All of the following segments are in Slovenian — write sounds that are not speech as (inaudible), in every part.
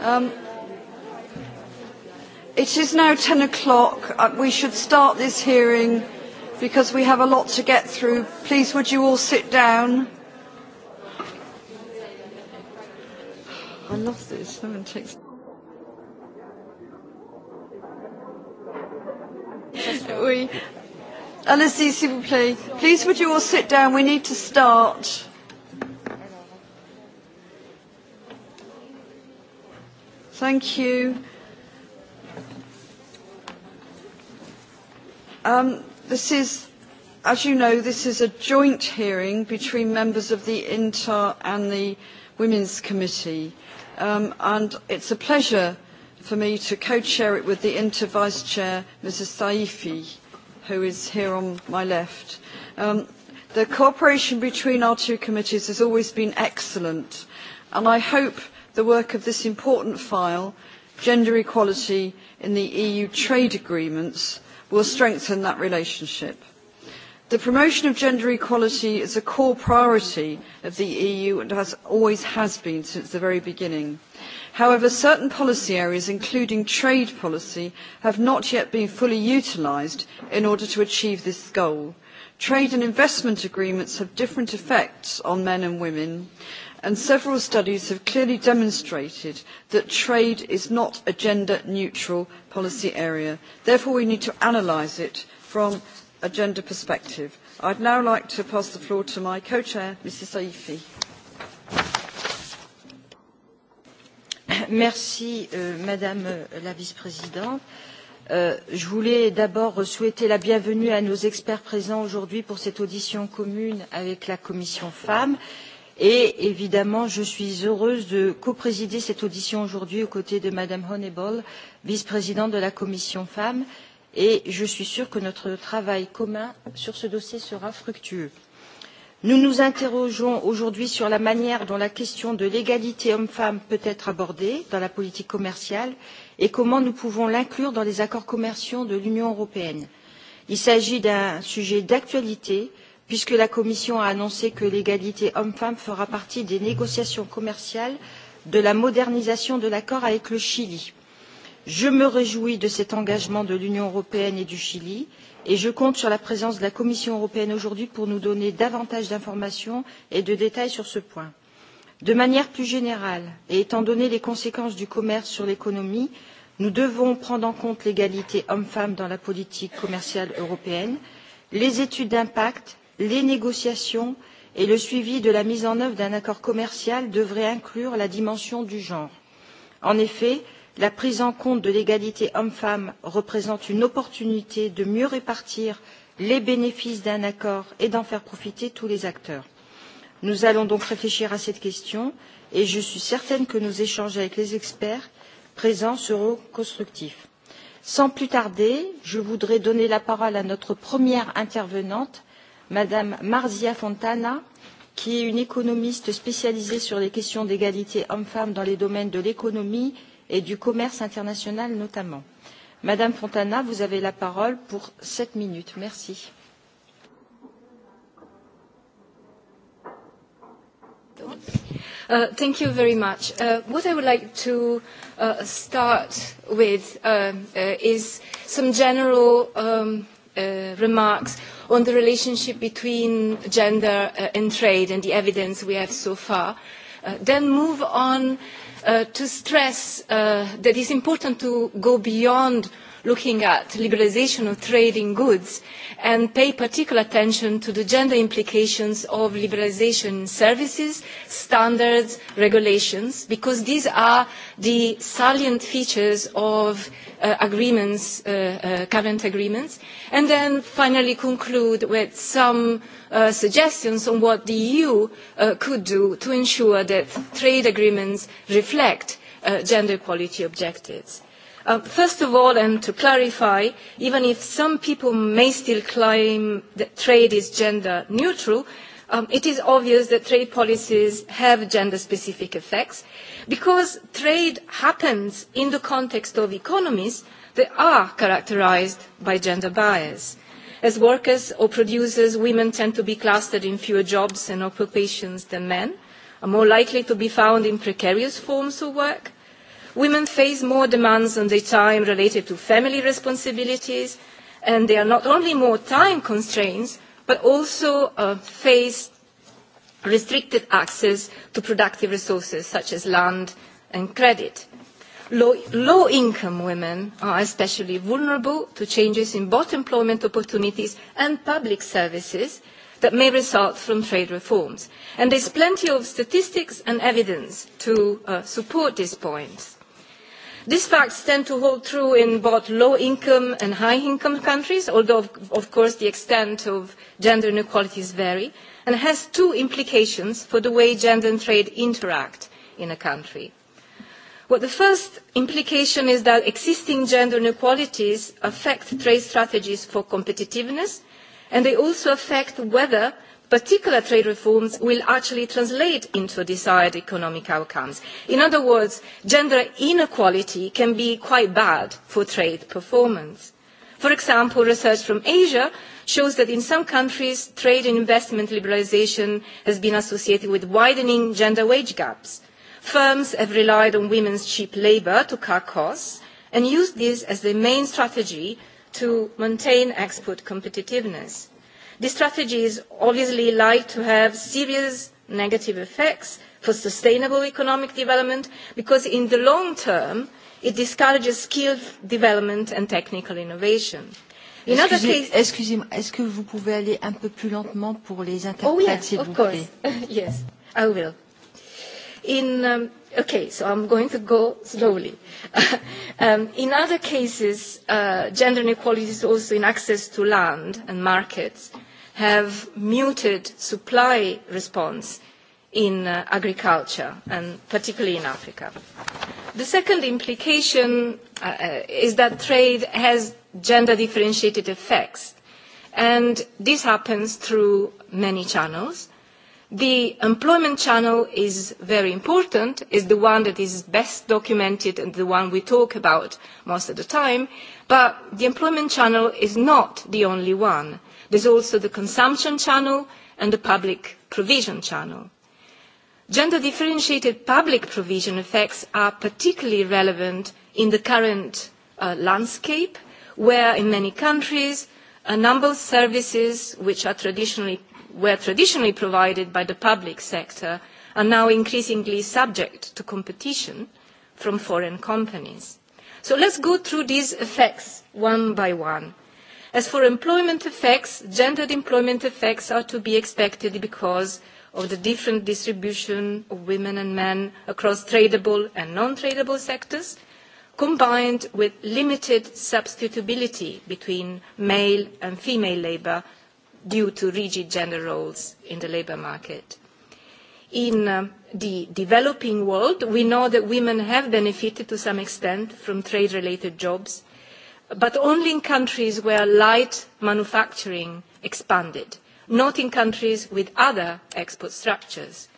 Um, it is now 10 o'clock. Uh, we should start this hearing because we have a lot to get through. Please, would you all sit down? I love this. Someone takes. we. Uh, Alice, s'il vous plaît. Please, would you all sit down? We need to start. Thank you. Um, this is, as you know, this is a joint hearing between members of the Inter and the Women's Committee. Um, and it's a pleasure for me to co-chair it with the Inter Vice Chair, Mrs. Saifi who is here on my left. Um, the cooperation between our two committees has always been excellent, and I hope the work of this important file, gender equality in the EU trade agreements, will strengthen that relationship. The promotion of gender equality is a core priority of the EU and has always has been since the very beginning however certain policy areas including trade policy have not yet been fully utilised in order to achieve this goal. trade and investment agreements have different effects on men and women and several studies have clearly demonstrated that trade is not a gender neutral policy area. therefore we need to analyse it from a gender perspective. i would now like to pass the floor to my co chair ms safi. Euh, madame la vice présidente euh, je voulais d'abord souhaiter la bienvenue à nos experts présents aujourd'hui pour cette audition commune avec la commission femm et évidemment je suis heureuse de coprésider cette audition aujourd'hui aux côtés de mme honeyball vice présidente de la commission femm et je suis sûre que notre travail commun sur ce dossier sera fructueux nous nous interrogeons aujourd'hui sur la manière dont la question de l'égalité hommes femmes peut être abordée dans la politique commerciale et comment nous pouvons l'inclure dans les accords commerciaux de l'union européenne. il s'agit d'un sujet d'actualité puisque la commission a annoncé que l'égalité hommes femmes fera partie des négociations commerciales de la modernisation de l'accord avec le chili. je me réjouis de cet engagement de l'union européenne et du chili et je compte sur la présence de la commission européenne aujourd'hui pour nous donner davantage d'informations et de détails sur ce point. de manière plus générale et étant donné les conséquences du commerce sur l'économie nous devons prendre en compte l'égalité hommes femmes dans la politique commerciale européenne les études d'impact les négociations et le suivi de la mise en œuvre d'un accord commercial devraient inclure la dimension du genre. en effet la prise en compte de l'égalité hommes femmes représente une opportunité de mieux répartir les bénéfices d'un accord et d'en faire profiter tous les acteurs. nous allons donc réfléchir à cette question et je suis certaine que nos échanges avec les experts présents seront constructifs. sans plus tarder je voudrais donner la parole à notre première intervenante mme marzia fontana qui est une économiste spécialisée sur les questions d'égalité hommes femmes dans les domaines de l'économie et du commerce international notamment. madame fontana vous avez la parole pour sept minutes. merci. Uh, thank you very much. Uh, what i would like to uh, start with is some general um, remarks on the relationship between gender and trade and the evidence we have so far then move on Uh, to stress uh, that it is important to go beyond looking at liberalisation of trade in goods and pay particular attention to the gender implications of liberalisation services, standards, regulations, because these are the salient features of uh, agreements, uh, uh, current agreements, and then finally conclude with some uh, suggestions on what the EU uh, could do to ensure that trade agreements reflect uh, gender equality objectives. Uh, first of all, and to clarify, even if some people may still claim that trade is gender neutral, um, it is obvious that trade policies have gender-specific effects because trade happens in the context of economies that are characterized by gender bias. As workers or producers, women tend to be clustered in fewer jobs and occupations than men, are more likely to be found in precarious forms of work, Women face more demands on their time related to family responsibilities, and they are not only more time constraints, but also uh, face restricted access to productive resources such as land and credit. Low-income low women are especially vulnerable to changes in both employment opportunities and public services that may result from trade reforms. And there's plenty of statistics and evidence to uh, support these points. These facts tend to hold true in both low income and high income countries, although, of course, the extent of gender inequalities vary, and has two implications for the way gender and trade interact in a country. Well, the first implication is that existing gender inequalities affect trade strategies for competitiveness, and they also affect whether particular trade reforms will actually translate into desired economic outcomes. In other words, gender inequality can be quite bad for trade performance. For example, research from Asia shows that in some countries, trade and investment liberalization has been associated with widening gender wage gaps. Firms have relied on women's cheap labor to cut costs and used this as their main strategy to maintain export competitiveness. The strategies obviously like to have serious negative effects for sustainable economic development because in the long term it discourages skill development and technical innovation. In excusez, other cases, excusez moi est-ce que vous pouvez aller un peu plus lentement pour les interprètes oh yeah, s'il vous course. plaît? (laughs) yes, I will. In, um, okay, so I'm going to go slowly. (laughs) um, in other cases, uh, gender inequality is also in access to land and markets have muted supply response in uh, agriculture, and particularly in Africa. The second implication uh, uh, is that trade has gender differentiated effects, and this happens through many channels. The employment channel is very important, is the one that is best documented and the one we talk about most of the time, but the employment channel is not the only one. There's also the consumption channel and the public provision channel. Gender differentiated public provision effects are particularly relevant in the current uh, landscape, where in many countries, a number of services which are traditionally, were traditionally provided by the public sector are now increasingly subject to competition from foreign companies. So let's go through these effects one by one. As for employment effects, gendered employment effects are to be expected because of the different distribution of women and men across tradable and non-tradable sectors, combined with limited substitutability between male and female labour due to rigid gender roles in the labour market. In uh, the developing world, we know that women have benefited to some extent from trade-related jobs, but only in countries where light manufacturing expanded, not in countries with other export structures.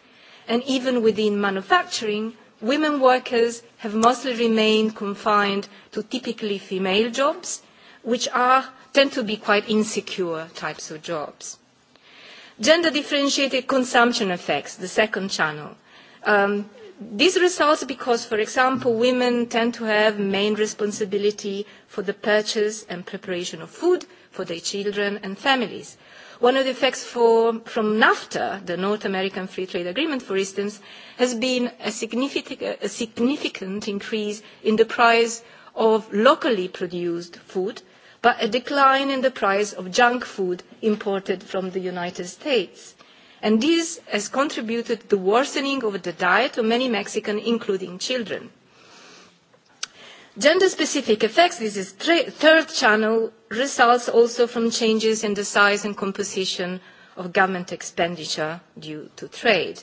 And even within manufacturing, women workers have mostly remained confined to typically female jobs, which are, tend to be quite insecure types of jobs. Gender-differentiated consumption effects, the second channel. Um, this results because, for example, women tend to have main responsibility for the purchase and preparation of food for their children and families. One of the effects for, from NAFTA, the North American Free Trade Agreement, for instance, has been a significant, a significant increase in the price of locally produced food, but a decline in the price of junk food imported from the United States and this has contributed to the worsening of the diet of many Mexicans, including children. Gender specific effects, this is tra- third channel, results also from changes in the size and composition of government expenditure due to trade.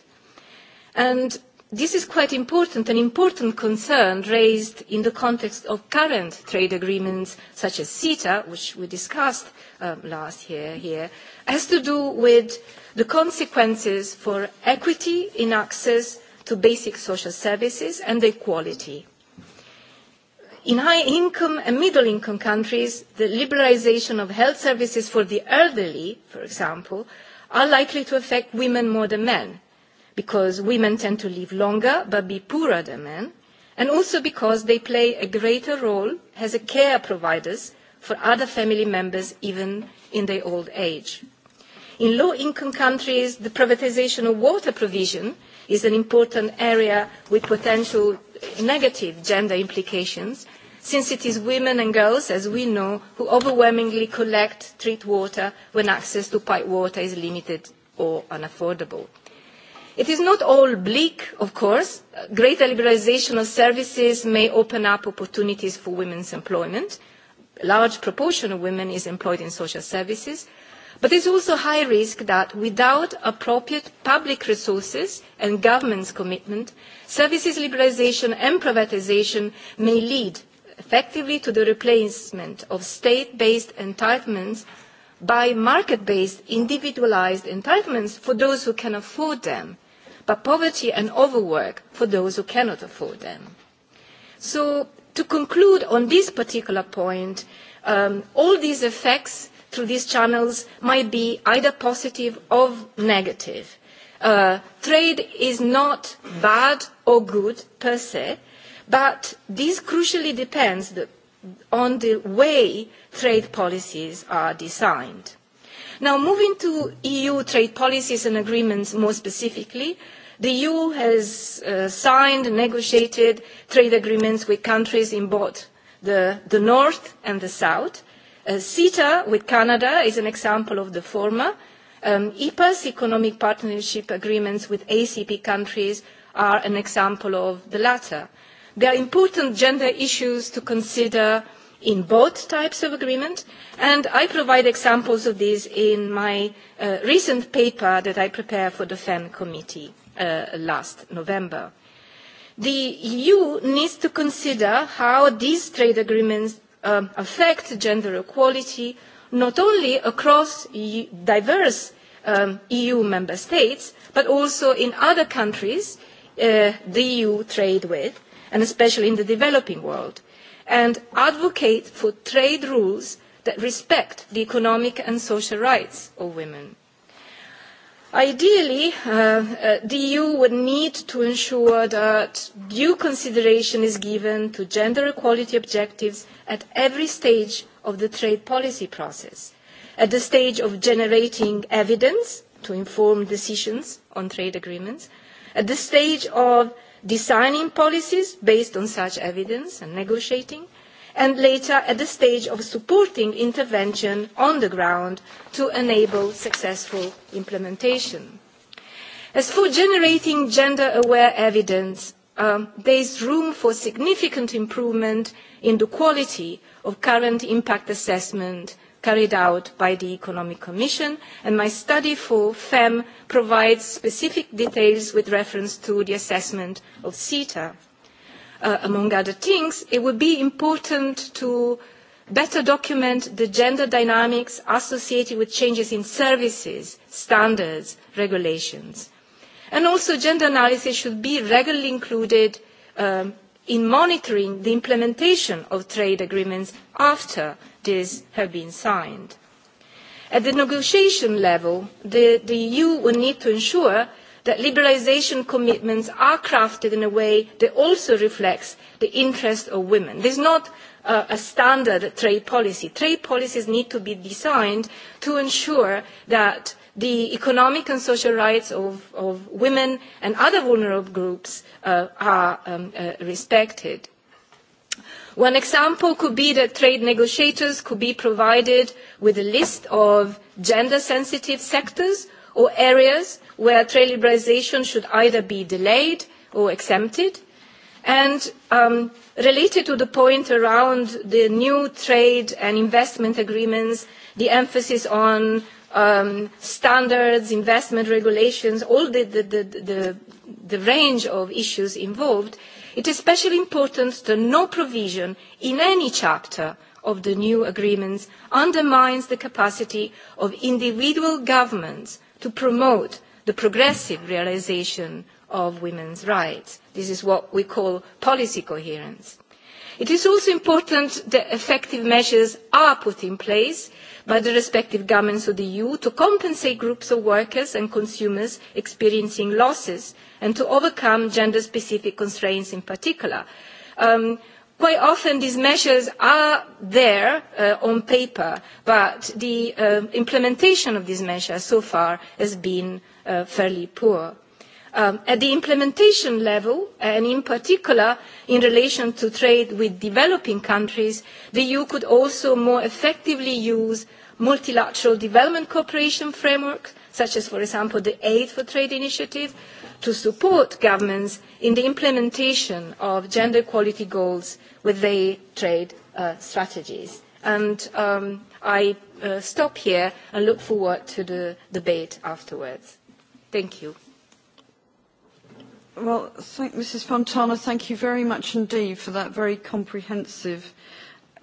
And This is quite important, an important concern raised in the context of current trade agreements such as CETA, which we discussed um, last year here, has to do with the consequences for equity in access to basic social services and equality. In high-income and middle-income countries, the liberalization of health services for the elderly, for example, are likely to affect women more than men, because women tend to live longer but be poorer than men, and also because they play a greater role as a care providers for other family members even in their old age. In low income countries, the privatization of water provision is an important area with potential negative gender implications, since it is women and girls, as we know, who overwhelmingly collect treat water when access to pipe water is limited or unaffordable. It is not all bleak, of course. Greater liberalization of services may open up opportunities for women's employment. A large proportion of women is employed in social services. But there's also high risk that without appropriate public resources and government's commitment, services liberalization and privatization may lead effectively to the replacement of state-based entitlements by market-based individualized entitlements for those who can afford them but poverty and overwork for those who cannot afford them. So, to conclude on this particular point, um, all these effects through these channels might be either positive or negative. Uh, trade is not bad or good per se, but this crucially depends the, on the way trade policies are designed. Now, moving to EU trade policies and agreements more specifically, the EU has uh, signed and negotiated trade agreements with countries in both the, the North and the South. Uh, CETA with Canada is an example of the former. Um, IPAS, e economic partnership agreements with ACP countries, are an example of the latter. There are important gender issues to consider uh, in both types of agreement, and I provide examples of these in my uh, recent paper that I prepared for the FEN committee uh, last November. The EU needs to consider how these trade agreements um, affect gender equality not only across e diverse um, EU member states, but also in other countries uh, the EU trade with, and especially in the developing world and advocate for trade rules that respect the economic and social rights of women. Ideally, uh, uh, the EU would need to ensure that due consideration is given to gender equality objectives at every stage of the trade policy process, at the stage of generating evidence to inform decisions on trade agreements, at the stage of designing policies based on such evidence and negotiating, and later at the stage of supporting intervention on the ground to enable successful implementation. As for generating gender-aware evidence, um, there is room for significant improvement in the quality of current impact assessment carried out by the Economic Commission, and my study for FEM provides specific details with reference to the assessment of CETA. Uh, among other things, it would be important to better document the gender dynamics associated with changes in services, standards, regulations. And also gender analysis should be regularly included um, in monitoring the implementation of trade agreements after deals have been signed. At the negotiation level, the, the EU will need to ensure that liberalisation commitments are crafted in a way that also reflects the interests of women. This is not uh, a standard trade policy. Trade policies need to be designed to ensure that the economic and social rights of, of women and other vulnerable groups uh, are um, uh, respected. One example could be that trade negotiators could be provided with a list of gender-sensitive sectors or areas where trade liberalisation should either be delayed or exempted. And um, related to the point around the new trade and investment agreements, the emphasis on um, standards, investment regulations, all the, the, the, the, the range of issues involved, uh, it is especially important that no provision in any chapter of the new agreements undermines the capacity of individual governments to promote the progressive realisation of women's rights. this is what we call policy coherence it is also important that effective measures are put in place by the respective governments of the eu to compensate groups of workers and consumers experiencing losses and to overcome gender specific constraints in particular. Um, quite often these measures are there uh, on paper but the uh, implementation of these measures so far has been uh, fairly poor um, at the implementation level, and in particular in relation to trade with developing countries, the EU could also more effectively use multilateral development cooperation frameworks, such as, for example, the Aid for Trade initiative, to support governments in the implementation of gender equality goals with their trade uh, strategies. And um, I uh, stop here and look forward to the debate afterwards. Thank you. Well, thank Mrs. Fontana, thank you very much indeed for that very comprehensive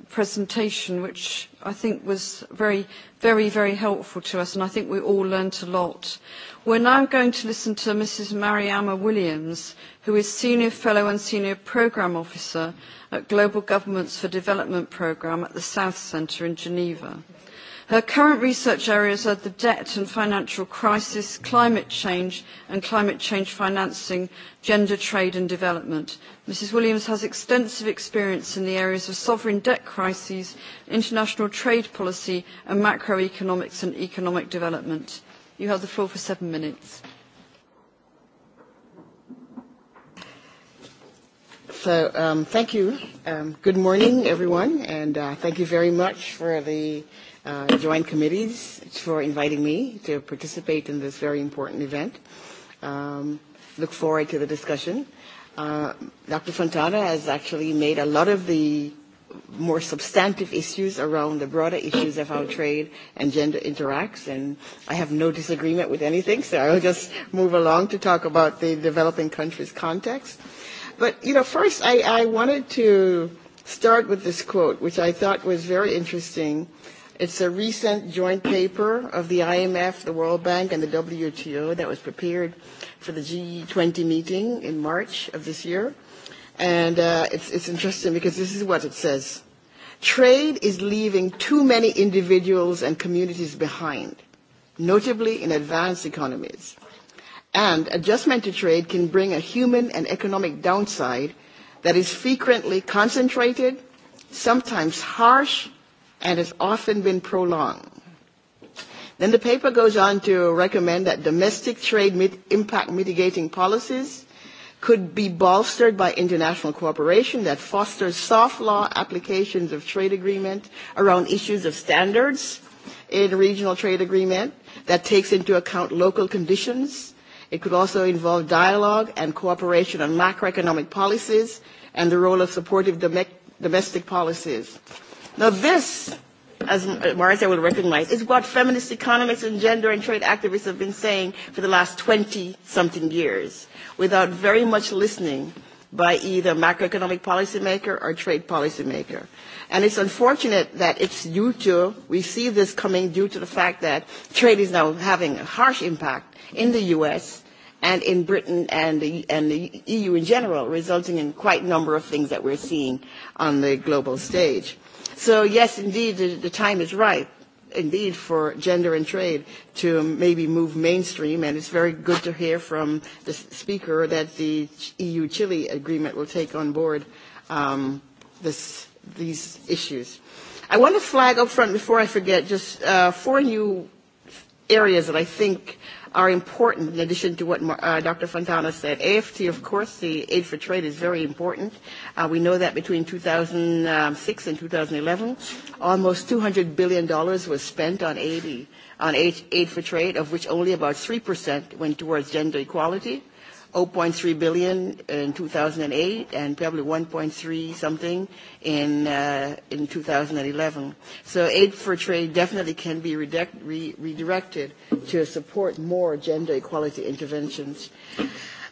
presentation, which I think was very, very, very helpful to us, and I think we all learnt a lot. We're now going to listen to Mrs. Mariama Williams, who is Senior Fellow and Senior Programme Officer at Global Governments for Development Programme at the South Centre in Geneva. Her current research areas are the debt and financial crisis, climate change and climate change financing, gender trade and development. Mrs Williams has extensive experience in the areas of sovereign debt crises, international trade policy and macroeconomics and economic development. You have the floor for seven minutes. So um, thank you. Um, good morning, everyone. And uh, thank you very much for the Uh, joint committees for inviting me to participate in this very important event. Um, look forward to the discussion. Uh, Dr. Fontana has actually made a lot of the more substantive issues around the broader issues of how trade and gender interacts, and I have no disagreement with anything, so I'll just move along to talk about the developing countries context. But, you know, first I, I wanted to start with this quote, which I thought was very interesting. It's a recent joint paper of the IMF, the World Bank, and the WTO that was prepared for the G20 meeting in March of this year. And uh, it's, it's interesting because this is what it says. Trade is leaving too many individuals and communities behind, notably in advanced economies. And adjustment to trade can bring a human and economic downside that is frequently concentrated, sometimes harsh, and has often been prolonged. Then the paper goes on to recommend that domestic trade mit- impact mitigating policies could be bolstered by international cooperation that fosters soft law applications of trade agreement around issues of standards in regional trade agreement that takes into account local conditions. It could also involve dialogue and cooperation on macroeconomic policies and the role of supportive dom- domestic policies. Now this, as uh, Marisa will recognize, is what feminist economists and gender and trade activists have been saying for the last 20-something years without very much listening by either macroeconomic policymaker or trade policymaker. And it's unfortunate that it's due to, we see this coming due to the fact that trade is now having a harsh impact in the U.S. and in Britain and the, and the EU in general, resulting in quite a number of things that we're seeing on the global stage. So yes, indeed, the, the time is ripe, indeed, for gender and trade to maybe move mainstream. And it's very good to hear from the speaker that the EU-Chile agreement will take on board um, this, these issues. I want to flag up front before I forget just uh, four new areas that I think are important in addition to what uh, Dr. Fontana said. AFT, of course, the aid for trade is very important. Uh, we know that between 2006 and 2011, almost $200 billion was spent on, 80, on aid, aid for trade, of which only about 3% went towards gender equality. 0.3 billion in 2008 and probably 1.3 something in 2011. Uh, aid for Trade definitely can be redirected to support more gender equality interventions.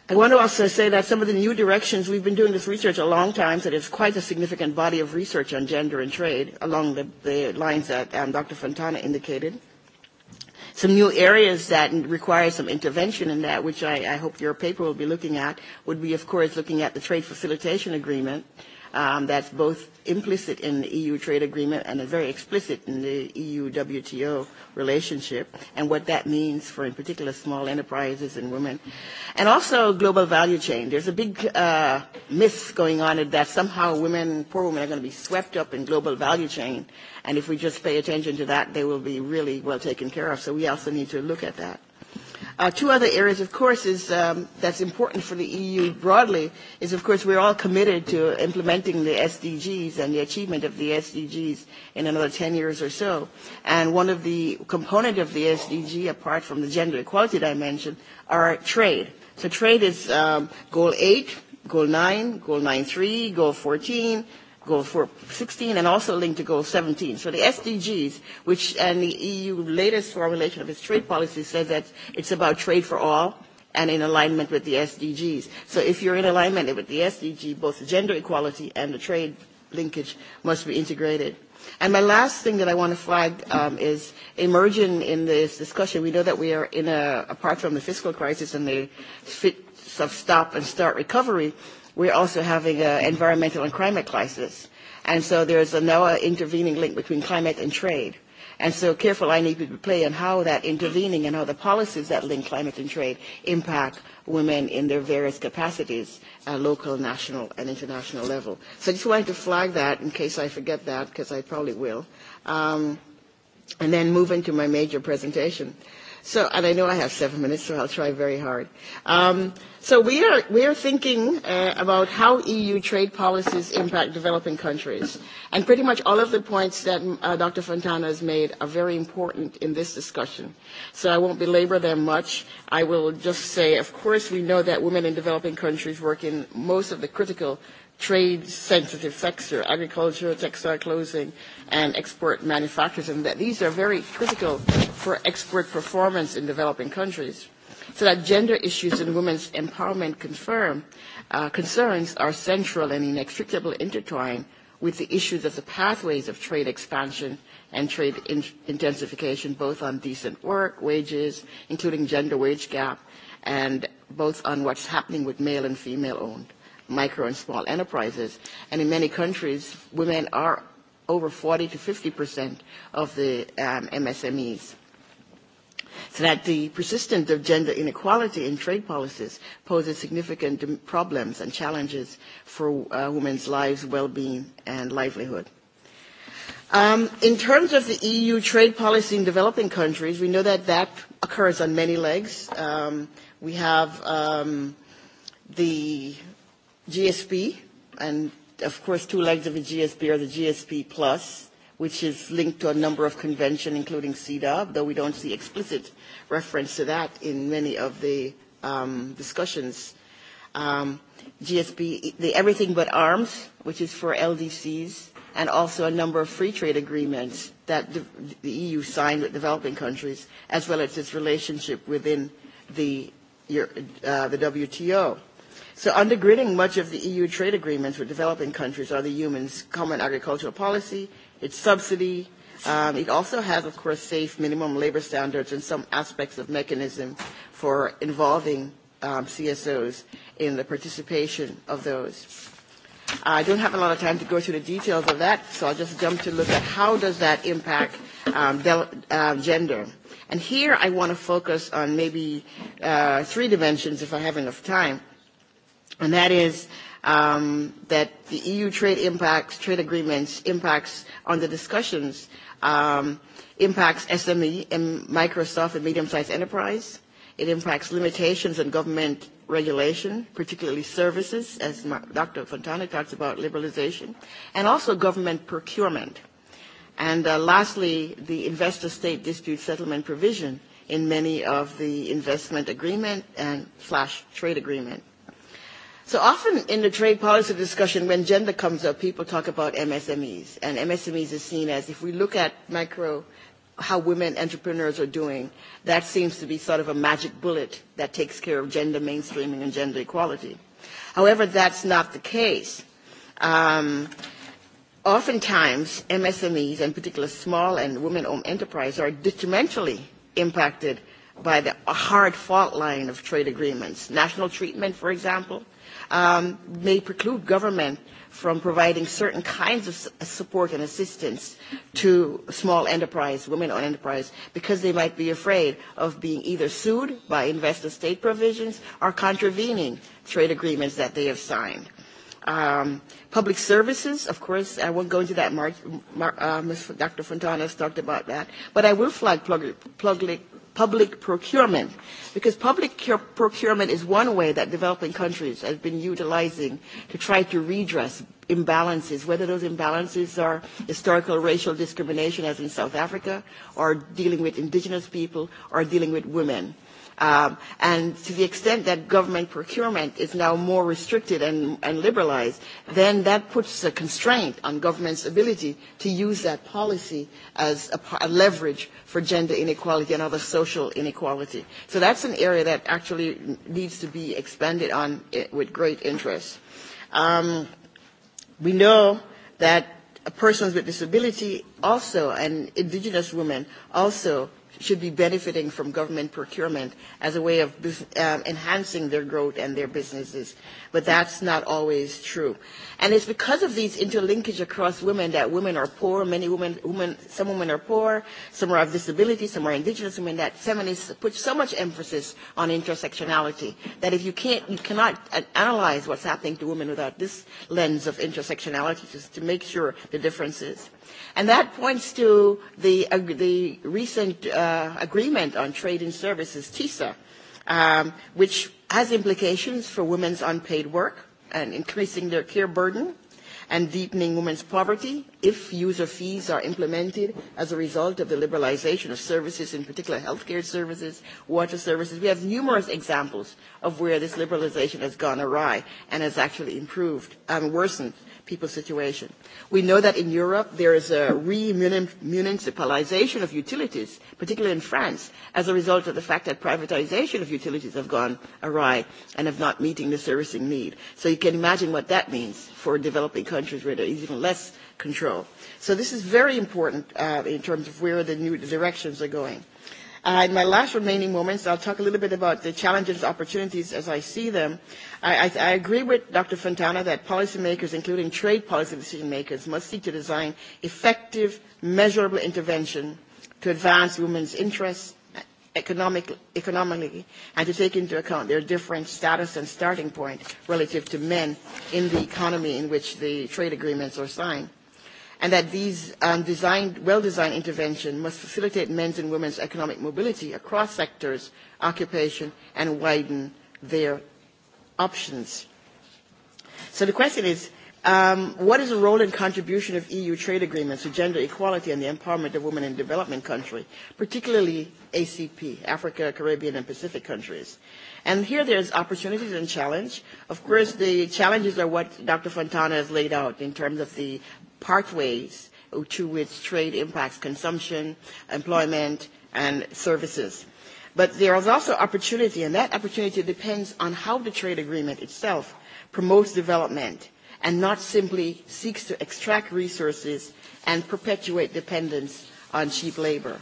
I want to also say that some of the new directions, we've been doing this research a long time, so there's quite a significant body of research on gender and trade along the lines that um, Dr. Fontana indicated some new areas that require some intervention in that, which I, I hope your paper will be looking at, would be, of course, looking at the trade facilitation agreement um, that's both implicit in the EU trade agreement and very explicit in the EU WTO relationship, and what that means for, in particular, small enterprises and women. And also, global value chain. There's a big uh, myth going on that somehow women, poor women, are going to be swept up in global value chain, and if we just pay attention to that, they will be really well taken care of. So we also need to look at that. Uh, two other areas, of course, is, um, that's important for the EU broadly is, of course, we're all committed to implementing the SDGs and the achievement of the SDGs in another 10 years or so. And one of the component of the SDG, apart from the gender equality dimension, are trade. So trade is um, goal 8, goal 9, goal 9.3, goal 14, goals for 16 and also linked to goal 17. So the SDGs, which and the EU latest formulation of its trade policy says that it's about trade for all and in alignment with the SDGs. So if you're in alignment with the SDG, both the gender equality and the trade linkage must be integrated. And my last thing that I want to flag um, is emerging in this discussion. We know that we are in a, apart from the fiscal crisis and the fits of stop and start recovery, we're also having an environmental and climate crisis. And so there's a now intervening link between climate and trade. And so careful I need to play on how that intervening and how the policies that link climate and trade impact women in their various capacities at local, national, and international level. So I just wanted to flag that in case I forget that, because I probably will, um, and then move into my major presentation. Uh, So, and I know I have seven minutes, so I'll try very hard. Um, so we are, we are thinking uh, about how EU trade policies impact developing countries. And pretty much all of the points that uh, Dr. Fontana has made are very important in this discussion. So I won't belabor them much. I will just say, of course, we know that women in developing countries work in most of the critical trade-sensitive sector, agriculture, textile clothing, and export manufacturers, and that these are very critical for export performance in developing countries. So that gender issues and women's empowerment confirm uh, concerns are central and inextricably intertwined with the issues of the pathways of trade expansion and trade in- intensification, both on decent work, wages, including gender wage gap, and both on what's happening with male and female owned micro and small enterprises. And in many countries, women are over 40 to 50 percent of the um, MSMEs. So that the persistence of gender inequality in trade policies poses significant problems and challenges for uh, women's lives, well-being, and livelihood. Um, in terms of the EU trade policy in developing countries, we know that that occurs on many legs. Um, we have um, the GSP, and of course, two legs of a GSP are the GSP Plus, which is linked to a number of conventions, including CEDA, though we don't see explicit reference to that in many of the um, discussions. Um, GSP, the Everything But Arms, which is for LDCs, and also a number of free trade agreements that de- the EU e signed with developing countries, as well as its relationship within the, your, uh, the WTO. So undergirding much of the EU trade agreements with developing countries are the human's common agricultural policy, its subsidy. Um, it also has, of course, safe minimum labor standards and some aspects of mechanism for involving um, CSOs in the participation of those. I don't have a lot of time to go through the details of that, so I'll just jump to look at how does that impact um, del- uh, gender. And here I want to focus on maybe uh, three dimensions if I have enough time and that is um, that the EU trade impacts, trade agreements impacts on the discussions um, impacts SME and Microsoft and medium-sized enterprise. It impacts limitations on government regulation, particularly services, as Dr. Fontana talks about liberalization, and also government procurement. And uh, lastly, the investor-state dispute settlement provision in many of the investment agreement and slash trade agreement. So often in the trade policy discussion, when gender comes up, people talk about MSMEs. And MSMEs is seen as, if we look at micro, how women entrepreneurs are doing, that seems to be sort of a magic bullet that takes care of gender mainstreaming and gender equality. However, that's not the case. Um, oftentimes, MSMEs, in particular small and women-owned enterprises, are detrimentally impacted by the hard fault line of trade agreements. National treatment, for example, um, may preclude government from providing certain kinds of uh, support and assistance to small enterprise, women-owned enterprise, because they might be afraid of being either sued by investor-state provisions or contravening trade agreements that they have signed. Um, public services, of course, I won't go into that. Mar- Mar- uh, Ms. Dr. Fontana has talked about that. But I will flag plug- public public procurement, because public cur- procurement is one way that developing countries have been utilizing to try to redress imbalances, whether those imbalances are historical racial discrimination, as in South Africa, or dealing with indigenous people, or dealing with women. Um, and to the extent that government procurement is now more restricted and, and liberalized, then that puts a constraint on government's ability to use that policy as a, a leverage for gender inequality and other social inequality. So that's an area that actually needs to be expanded on eh, with great interest. Um, we know that persons with disability also and indigenous women also should be benefiting from government procurement as a way of uh, enhancing their growth and their businesses. But that's not always true. And it's because of these interlinkage across women that women are poor, many women, women some women are poor, some are of disability, some are indigenous women, that feminists put so much emphasis on intersectionality that if you can't, you cannot uh, analyze what's happening to women without this lens of intersectionality just to make sure the differences. And that points to the, uh, the recent uh, Uh, agreement on trade and services, TISA, um, which has implications for women's unpaid work and increasing their care burden and deepening women's poverty if user fees are implemented as a result of the liberalization of services, in particular healthcare services, water services. We have numerous examples of where this liberalization has gone awry and has actually improved and um, worsened people's situation. We know that in Europe there is a re-municipalization of utilities, particularly in France, as a result of the fact that privatization of utilities have gone awry and have not meeting the servicing need. So you can imagine what that means for developing countries where there is even less control. So this is very important uh, in terms of where the new directions are going. Uh, in my last remaining moments, I'll talk a little bit about the challenges, opportunities as I see them. I, I, I agree with Dr. Fontana that policymakers, including trade policy decision makers, must seek to design effective, measurable intervention to advance women's interests economic, economically and to take into account their different status and starting point relative to men in the economy in which the trade agreements are signed and that these um, designed, well-designed interventions must facilitate men's and women's economic mobility across sectors, occupation, and widen their options. So the question is, um, what is the role and contribution of EU trade agreements to gender equality and the empowerment of women in development countries, particularly ACP, Africa, Caribbean, and Pacific countries? And here there's opportunities and challenge. Of course, the challenges are what Dr. Fontana has laid out in terms of the pathways to its trade impacts consumption, employment, and services. But there is also opportunity, and that opportunity depends on how the trade agreement itself promotes development and not simply seeks to extract resources and perpetuate dependence on cheap labor.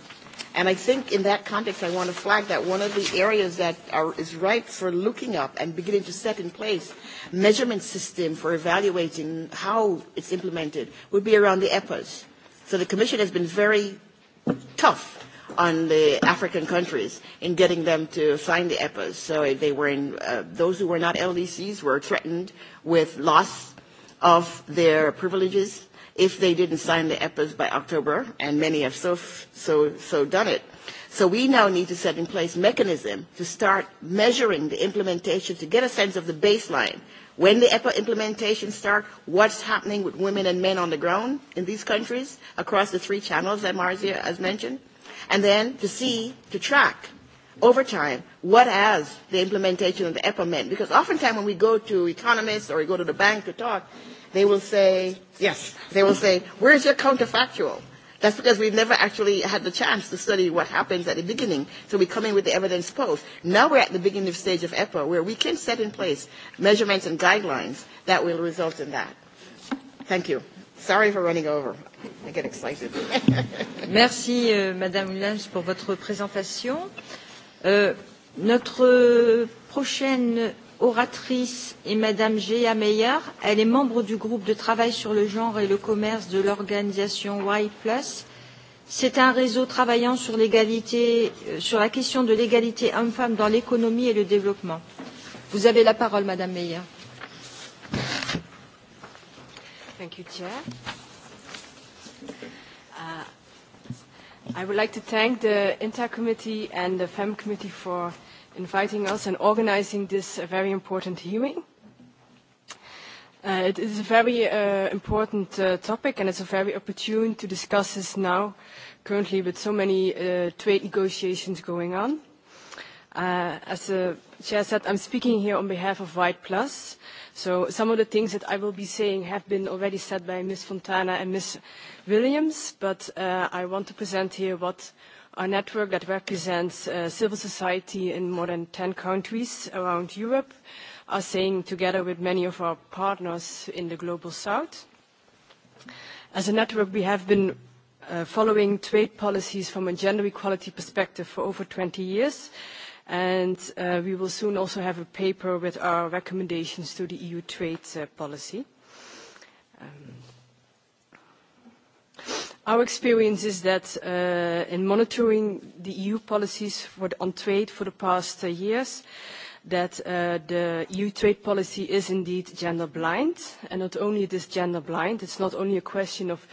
And I think in that context, I want to flag that one of the areas that are, is ripe for looking up and beginning to set in place measurement system for evaluating how it's implemented would be around the EPAs. So the Commission has been very tough on the African countries in getting them to sign the EPAs. So they were in, uh, those who were not LDCs were threatened with loss of their privileges if they didn't sign the EPAs by October, and many have so, so, so done it. So we now need to set in place mechanism to start measuring the implementation to get a sense of the baseline. When the EPA implementation start, what's happening with women and men on the ground in these countries across the three channels that Marzia has mentioned, and then to see, to track over time what has the implementation of the EPA meant? Because oftentimes when we go to economists or we go to the bank to talk, they will say, yes, they will say, where's your counterfactual? That's because we've never actually had the chance to study what happens at the beginning. So we come in with the evidence post. Now we're at the beginning stage of EPA where we can set in place measurements and guidelines that will result in that. Thank you. Sorry for running over. I get excited. (laughs) Merci, euh, Madame Lange, pour votre présentation. Euh, Euh, notre prochaine oratrice est Madame Gea Meyer. Elle est membre du groupe de travail sur le genre et le commerce de l'organisation Y+. C'est un réseau travaillant sur l'égalité, euh, sur la question de l'égalité homme-femme dans l'économie et le développement. Vous avez la parole, Madame Meyer. Thank you, Chair. Uh, I would like to thank the Inter Committee and the FEM Committee for inviting us and organizing this uh, very important hearing. Uh, it is a very uh, important uh, topic and it's a very opportune to discuss this now, currently with so many uh, trade negotiations going on. Uh, as the Chair said, I'm speaking here on behalf of White Plus. So some of the things that I will be saying have been already said by Ms. Fontana and Ms. Williams, but uh, I want to present here what our network that represents uh, civil society in more than 10 countries around Europe are saying together with many of our partners in the Global South. As a network, we have been uh, following trade policies from a gender equality perspective for over 20 years and uh, we will soon also have a paper with our recommendations to the EU trade uh, policy. Um, our experience is that uh, in monitoring the EU policies for the, on trade for the past uh, years, that uh, the EU trade policy is indeed gender blind, and not only it is gender blind, it's not only a question of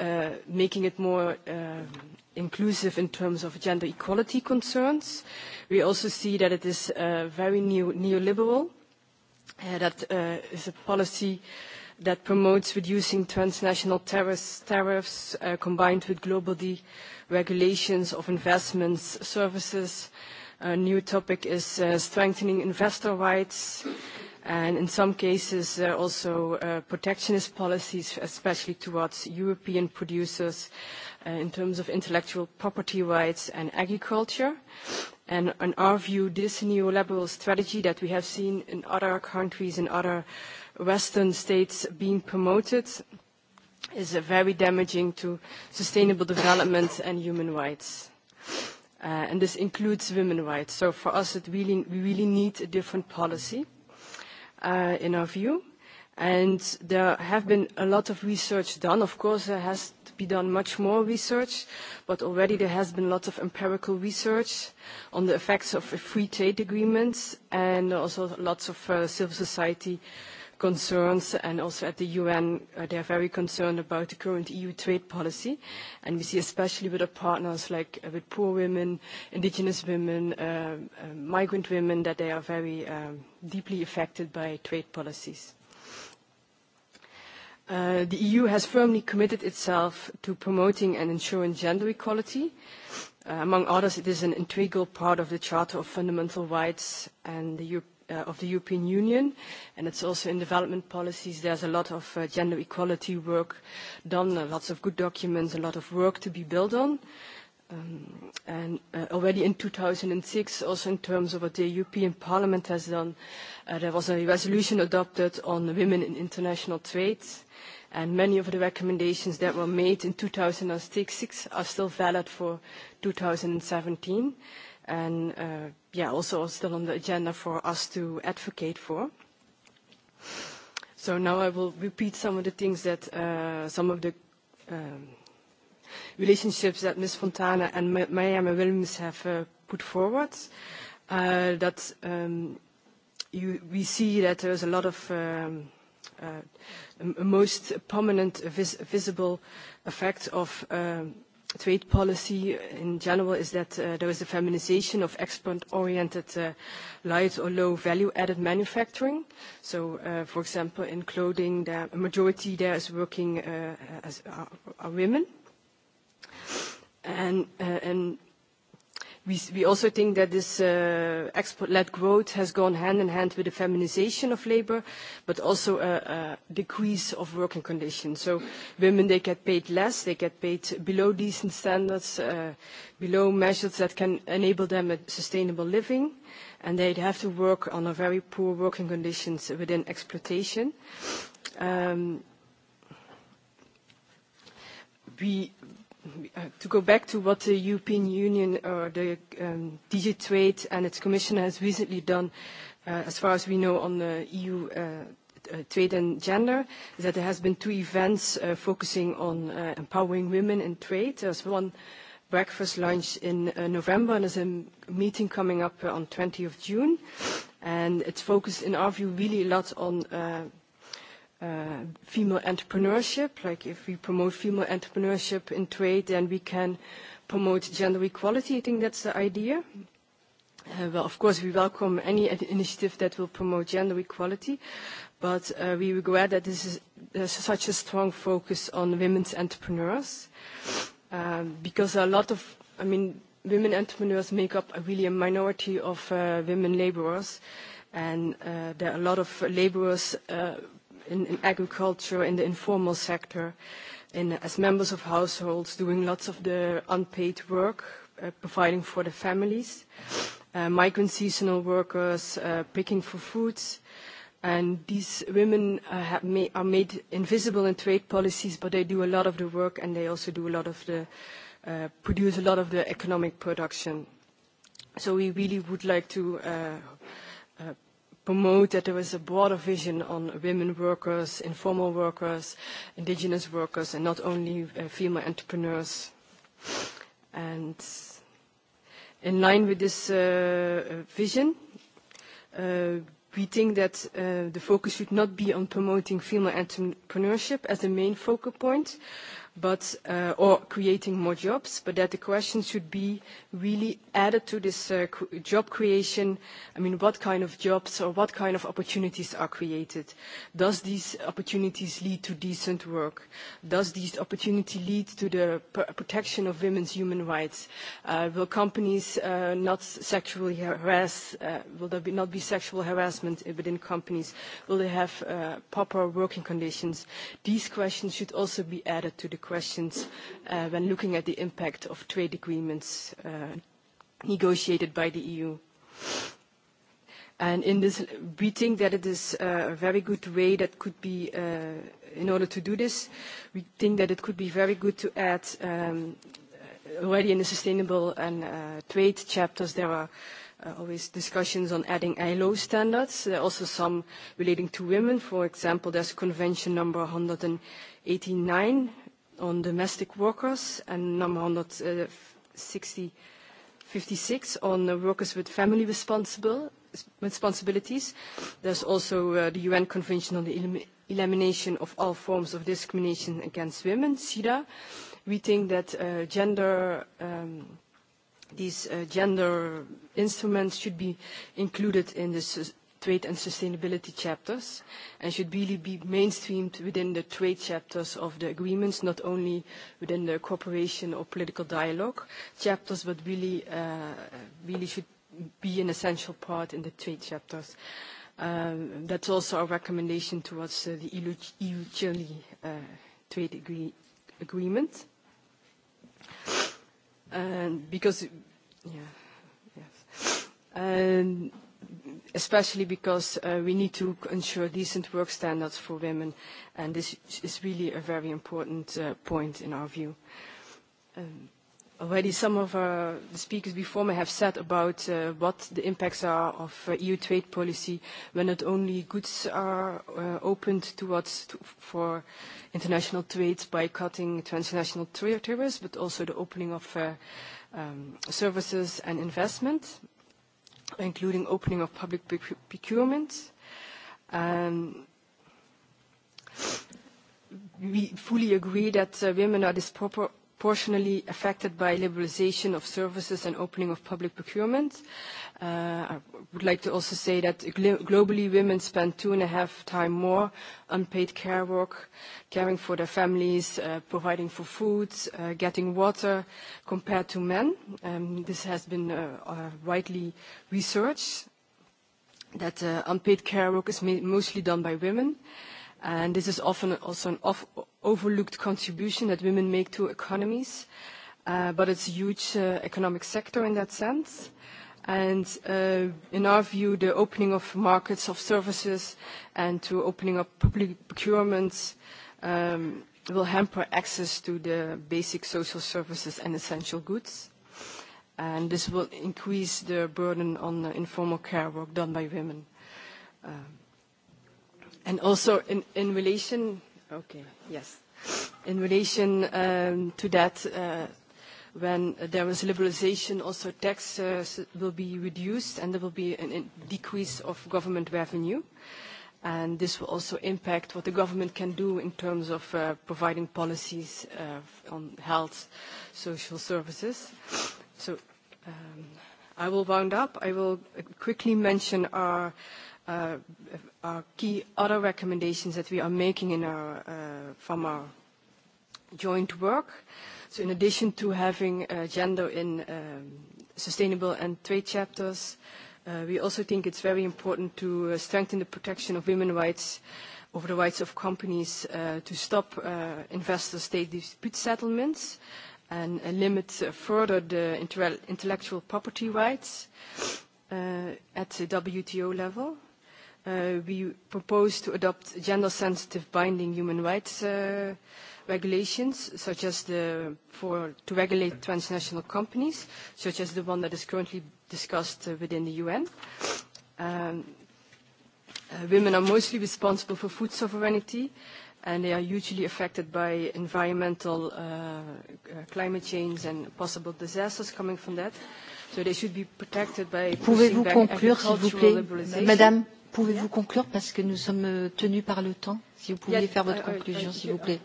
uh, making it more uh, inclusive in terms of gender equality concerns. We also see that it is uh, very new, neoliberal. Uh, that uh, is a policy that promotes reducing transnational tariffs, tariffs uh, combined with global deregulations of investments, services. A new topic is uh, strengthening investor rights and in some cases uh, also uh, protectionist policies, especially towards European producers uh, in terms of intellectual property rights and agriculture. And in our view, this neoliberal strategy that we have seen in other countries and other Western states being promoted is uh, very damaging to sustainable development and human rights. Uh, and this includes women's rights. So for us, it really, we really need a different policy uh, in our view. And there have been a lot of research done. Of course, there has to be done much more research, but already there has been lots of empirical research on the effects of free trade agreements and also lots of uh, civil society uh, concerns and also at the UN uh, they are very concerned about the current EU trade policy and we see especially with our partners like uh, with poor women, indigenous women, uh, uh, migrant women that they are very um, deeply affected by trade policies. Uh, the EU has firmly committed itself to promoting and ensuring gender equality. Uh, among others, it is an integral part of the Charter of Fundamental Rights and the European uh, of the European Union, and it's also in development policies. There's a lot of uh, gender equality work done, uh, lots of good documents, a lot of work to be built on. Um, and uh, already in 2006, also in terms of what the European Parliament has done, uh, there was a resolution adopted on women in international trade, and many of the recommendations that were made in 2006 are still valid for 2017 and uh, yeah, also still on the agenda for us to advocate for. So now I will repeat some of the things that uh, some of the um, relationships that Ms. Fontana and Miami Williams have uh, put forward. Uh, that um, you, we see that there is a lot of um, uh, a most prominent vis- visible effect of. Uh, trade policy in general is that uh, there is a feminization of export-oriented uh, light or low value-added manufacturing. So, uh, for example, in clothing, the majority there is working uh, as are, uh, are women. And, uh, and We also think that this uh, export-led growth has gone hand in hand with the feminization of labor, but also a decrease of working conditions. Women, they get paid less. They get paid below decent standards, uh, below measures that can enable them a sustainable living, and they'd have to work on a very poor working conditions within exploitation. Um, we Uh, to go back to what the European Union or uh, the um, DG Trade and its Commission has recently done, uh, as far as we know, on the EU uh, uh, trade and gender, is that there has been two events uh, focusing on uh, empowering women in trade. There's one breakfast lunch in uh, November, and there's a meeting coming up on 20th of June. And it's focused, in our view, really a lot on uh, Uh, female entrepreneurship. Like if we promote female entrepreneurship in trade, then we can promote gender equality. I think that's the idea. Uh, well, of course, we welcome any initiative that will promote gender equality, but uh, we regret that this is, there's such a strong focus on women's entrepreneurs um, because a lot of, I mean, women entrepreneurs make up a really a minority of uh, women laborers, and uh, there are a lot of laborers. Uh, in, in agriculture, in the informal sector, in, as members of households, doing lots of the unpaid work, uh, providing for the families, uh, migrant seasonal workers, uh, picking for foods. And these women uh, have ma- are made invisible in trade policies, but they do a lot of the work and they also do a lot of the, uh, produce a lot of the economic production. So we really would like to. Uh, promote that there is a broader vision on women workers, informal workers, indigenous workers, and not only uh, female entrepreneurs. And in line with this uh, vision, uh, we think that uh, the focus should not be on promoting female entrepreneurship as the main focal point, but uh, or creating more jobs, but that the question should be really added to this uh, job creation. I mean, what kind of jobs or what kind of opportunities are created? Does these opportunities lead to decent work? Does these opportunity lead to the protection of women's human rights? Uh, will companies not sexually harass? Will there not be sexual harassment within companies? Will they have proper working conditions? These questions should also be added to the questions. Uh, when looking at the impact of trade agreements uh, negotiated by the EU. In this, we think that it is uh, a very good way that could be, in order to do this, we think that it could be very good to add um, already in the sustainable and trade chapters, there are always discussions on adding ILO standards. There are also some relating to women. For example, there's convention number 189 on domestic workers and number 156 on workers with family responsible, responsibilities. There's also uh, the UN Convention on the elim Elimination of All Forms of Discrimination Against Women, CEDA. We think that uh, gender, um, these uh, gender instruments should be included in this trade and sustainability chapters and should really be mainstreamed within the trade chapters of the agreements, not only within the cooperation or political dialogue chapters, but really uh, should be an essential part in the trade chapters. Um, that's also our recommendation towards uh, the EU-Chile e uh, trade agreement. Because especially because uh, we need to ensure decent work standards for women, and this is really a very important uh, point in our view. Um, already some of uh, the speakers before me have said about uh, what the impacts are of uh, EU trade policy when not only goods are uh, opened towards to, for international trade by cutting transnational tariffs, but also the opening of uh, um, services and investment including opening of public procurement. Um, we fully agree that uh, women are disproportionately affected by liberalization of services and opening of public procurement. Uh, I would like to also say that globally, women spend two and a half times more unpaid care work, caring for their families, uh, providing for food, uh, getting water, compared to men. Um, this has been widely researched, that unpaid care work is mostly done by women, and this is often also an overlooked contribution that women make to economies, uh, but it's a huge uh, economic sector in that sense. And uh, in our view, the opening of markets of services and to opening up public procurements um, will hamper access to the basic social services and essential goods. And this will increase the burden on the informal care work done by women. Um, and also in, in relation Okay. Yes. In relation um, to that, uh, when there was liberalization, also tax uh, will be reduced and there will be a decrease of government revenue. And this will also impact what the government can do in terms of uh, providing policies uh, on health, social services. So um, I will round up. I will quickly mention our uh, our uh, uh, key other recommendations that we are making in our uh, from our joint work. So, in addition to having uh, gender in um, sustainable and trade chapters, uh, we also think it's very important to uh, strengthen the protection of women's rights over the rights of companies uh, to stop uh, investor state dispute settlements and uh, limit uh, further the intellectual property rights uh, at the WTO level uh, we propose to adopt gender-sensitive binding human rights uh, regulations, such as the for to regulate transnational companies, such as the one that is currently discussed uh, within the UN. Um, uh, women are mostly responsible for food sovereignty, and they are usually affected by environmental uh, uh, climate change and possible disasters coming from that. So they should be protected by pushing back agricultural plaît, liberalization. Madame pouvez vous conclure parce que nous sommes euh, tenus par le temps si vous pouviez faire votre conclusion s'il vous plaît.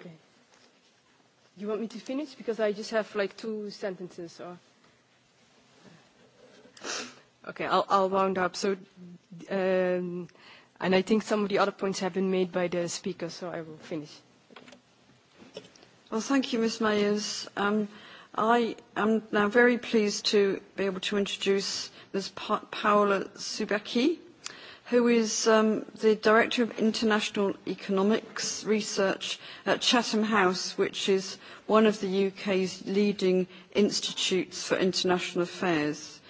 You want me to finish because I just have like two sentences or Okay, I'll I'll round up. So um and I think some of the other points have been made by the speaker so I will finish. Well, thank you, Ms. Mayers. Um, I am now very pleased to be able to introduce Ms. Pa- Paola Subaki who is um, the Director of International Economics Research at Chatham House, which is one of the UK's leading institutes for international affairs.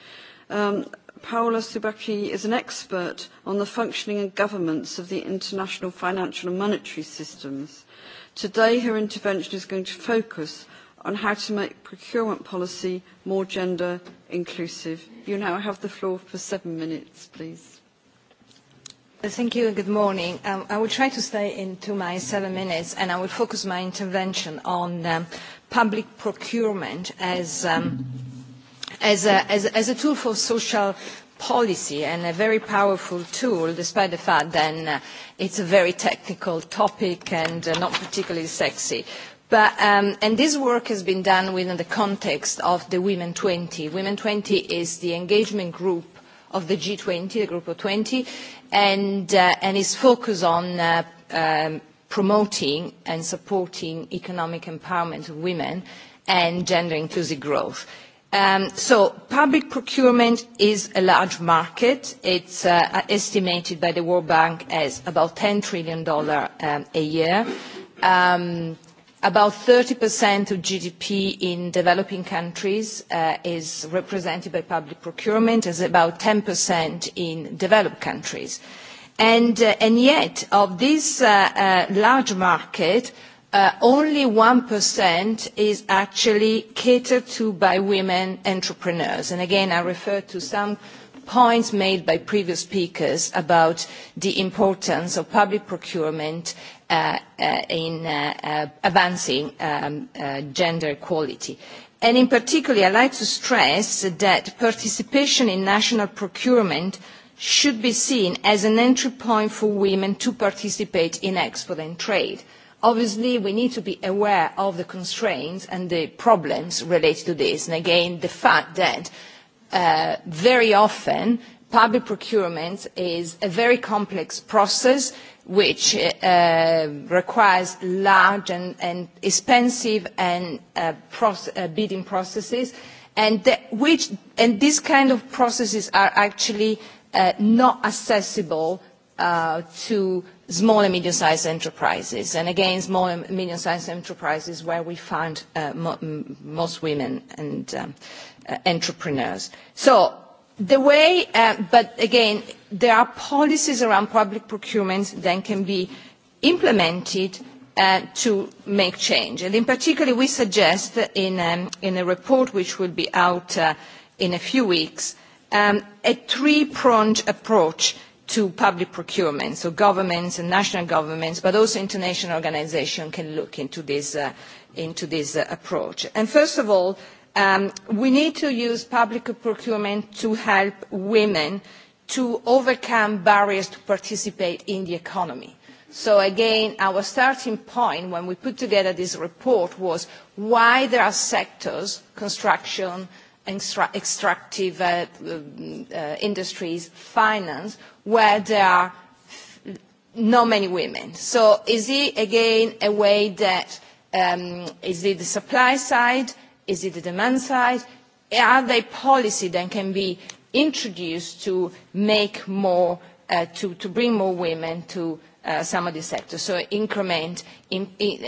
Um, Paola Subaki is an expert on the functioning and governments of the international financial and monetary systems. Today, her intervention is going to focus on how to make procurement policy more gender inclusive. You now have the floor for seven minutes, please. Thank you and good morning. Um, I will try to stay into my seven minutes, and I will focus my intervention on um, public procurement um, as a tool for social policy and a very powerful tool, despite the fact that uh, it's a very technical topic and uh, not particularly sexy. This work has been done within the context of the Women20. Women20 is the engagement group of the G20, the group of 20, and, uh, and its focus on uh, um, promoting and supporting economic empowerment of women and gender-inclusive growth. Um, so public procurement is a large market. It's uh, estimated by the World Bank as about $10 trillion um, a year. Um, about 30% of GDP in developing countries uh, is represented by public procurement, is about 10% in developed countries. And, uh, and yet, of this uh, uh, large market, uh, only 1% is actually catered to by women entrepreneurs. And again, I refer to some points made by previous speakers about the importance of public procurement Uh, uh, in uh, advancing um, gender equality. And in particular, I'd like to stress that participation in national procurement should be seen as an entry point for women to participate in export and trade. Obviously, we need to be aware of the constraints and the problems related to this, and again, the fact that uh, very often public procurement is a very complex process which uh, uh requires large and, and expensive and, uh, process, uh, bidding processes, and, the, which, and these kind of processes are actually uh, not accessible uh, to small and medium-sized enterprises. And again, small and medium-sized enterprises where we find uh, mo- m- most women and um, uh, entrepreneurs. So the way uh, but again there are policies around public procurement that can be implemented uh, to make change. And in particular, we suggest in, um, in a report which will be out uh, in a few weeks, um, a three-pronged approach to public procurement. So governments and national governments, but also international organizations can look into this, uh, into this uh, approach. And first of all, uh, um, we need to use public procurement to help women to overcome barriers to participate in the economy. So again, our starting point when we put together this report was why there are sectors, construction, extractive uh, uh, industries, finance, where there are not many women. So is it again a way that, um, is it the supply side, is it the demand side? Are there policies that can be introduced to make more, uh, to, to bring more women to uh, some of the sectors? So increment in, in, uh,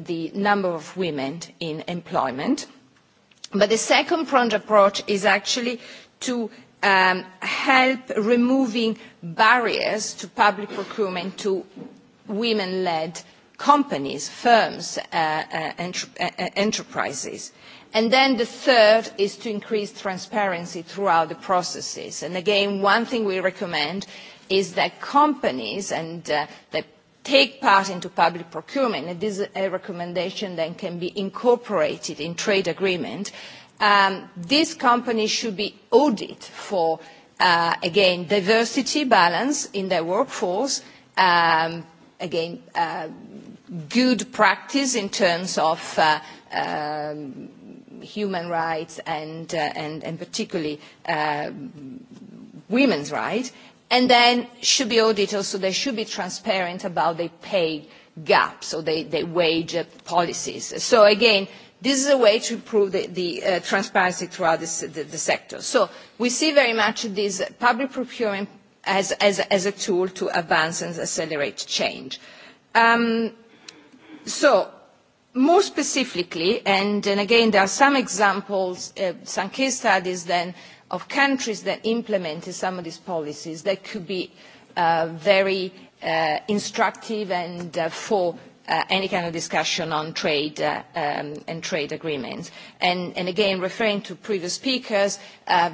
uh, the number of women in employment. But the second pronged approach is actually to um, help removing barriers to public procurement to women-led companies, firms, uh, uh, entre- uh, uh, enterprises. The third is to increase transparency throughout the processes. Again, one thing we recommend is that companies uh, that take part into public procurement, and this is a recommendation that can be incorporated in trade agreement, um, these companies should be audited for, uh, again, diversity balance in their workforce. Um, again, uh, good practice in terms of um, human rights and, uh, and, and particularly uh, women's rights, and then should be audited, so they should be transparent about the pay gaps or the, the wage uh, policies. So again, this is a way to improve the, the uh, transparency throughout this, the, the sector. So we see very much this public procurement as, as, as a tool to advance and accelerate change. Um, so more specifically and again there are some examples uh, some case studies then of countries that implemented some of these policies that could be uh, very uh, instructive and uh, for uh, any kind of discussion on trade uh, um, and trade agreements. And, and again, referring to previous speakers, uh,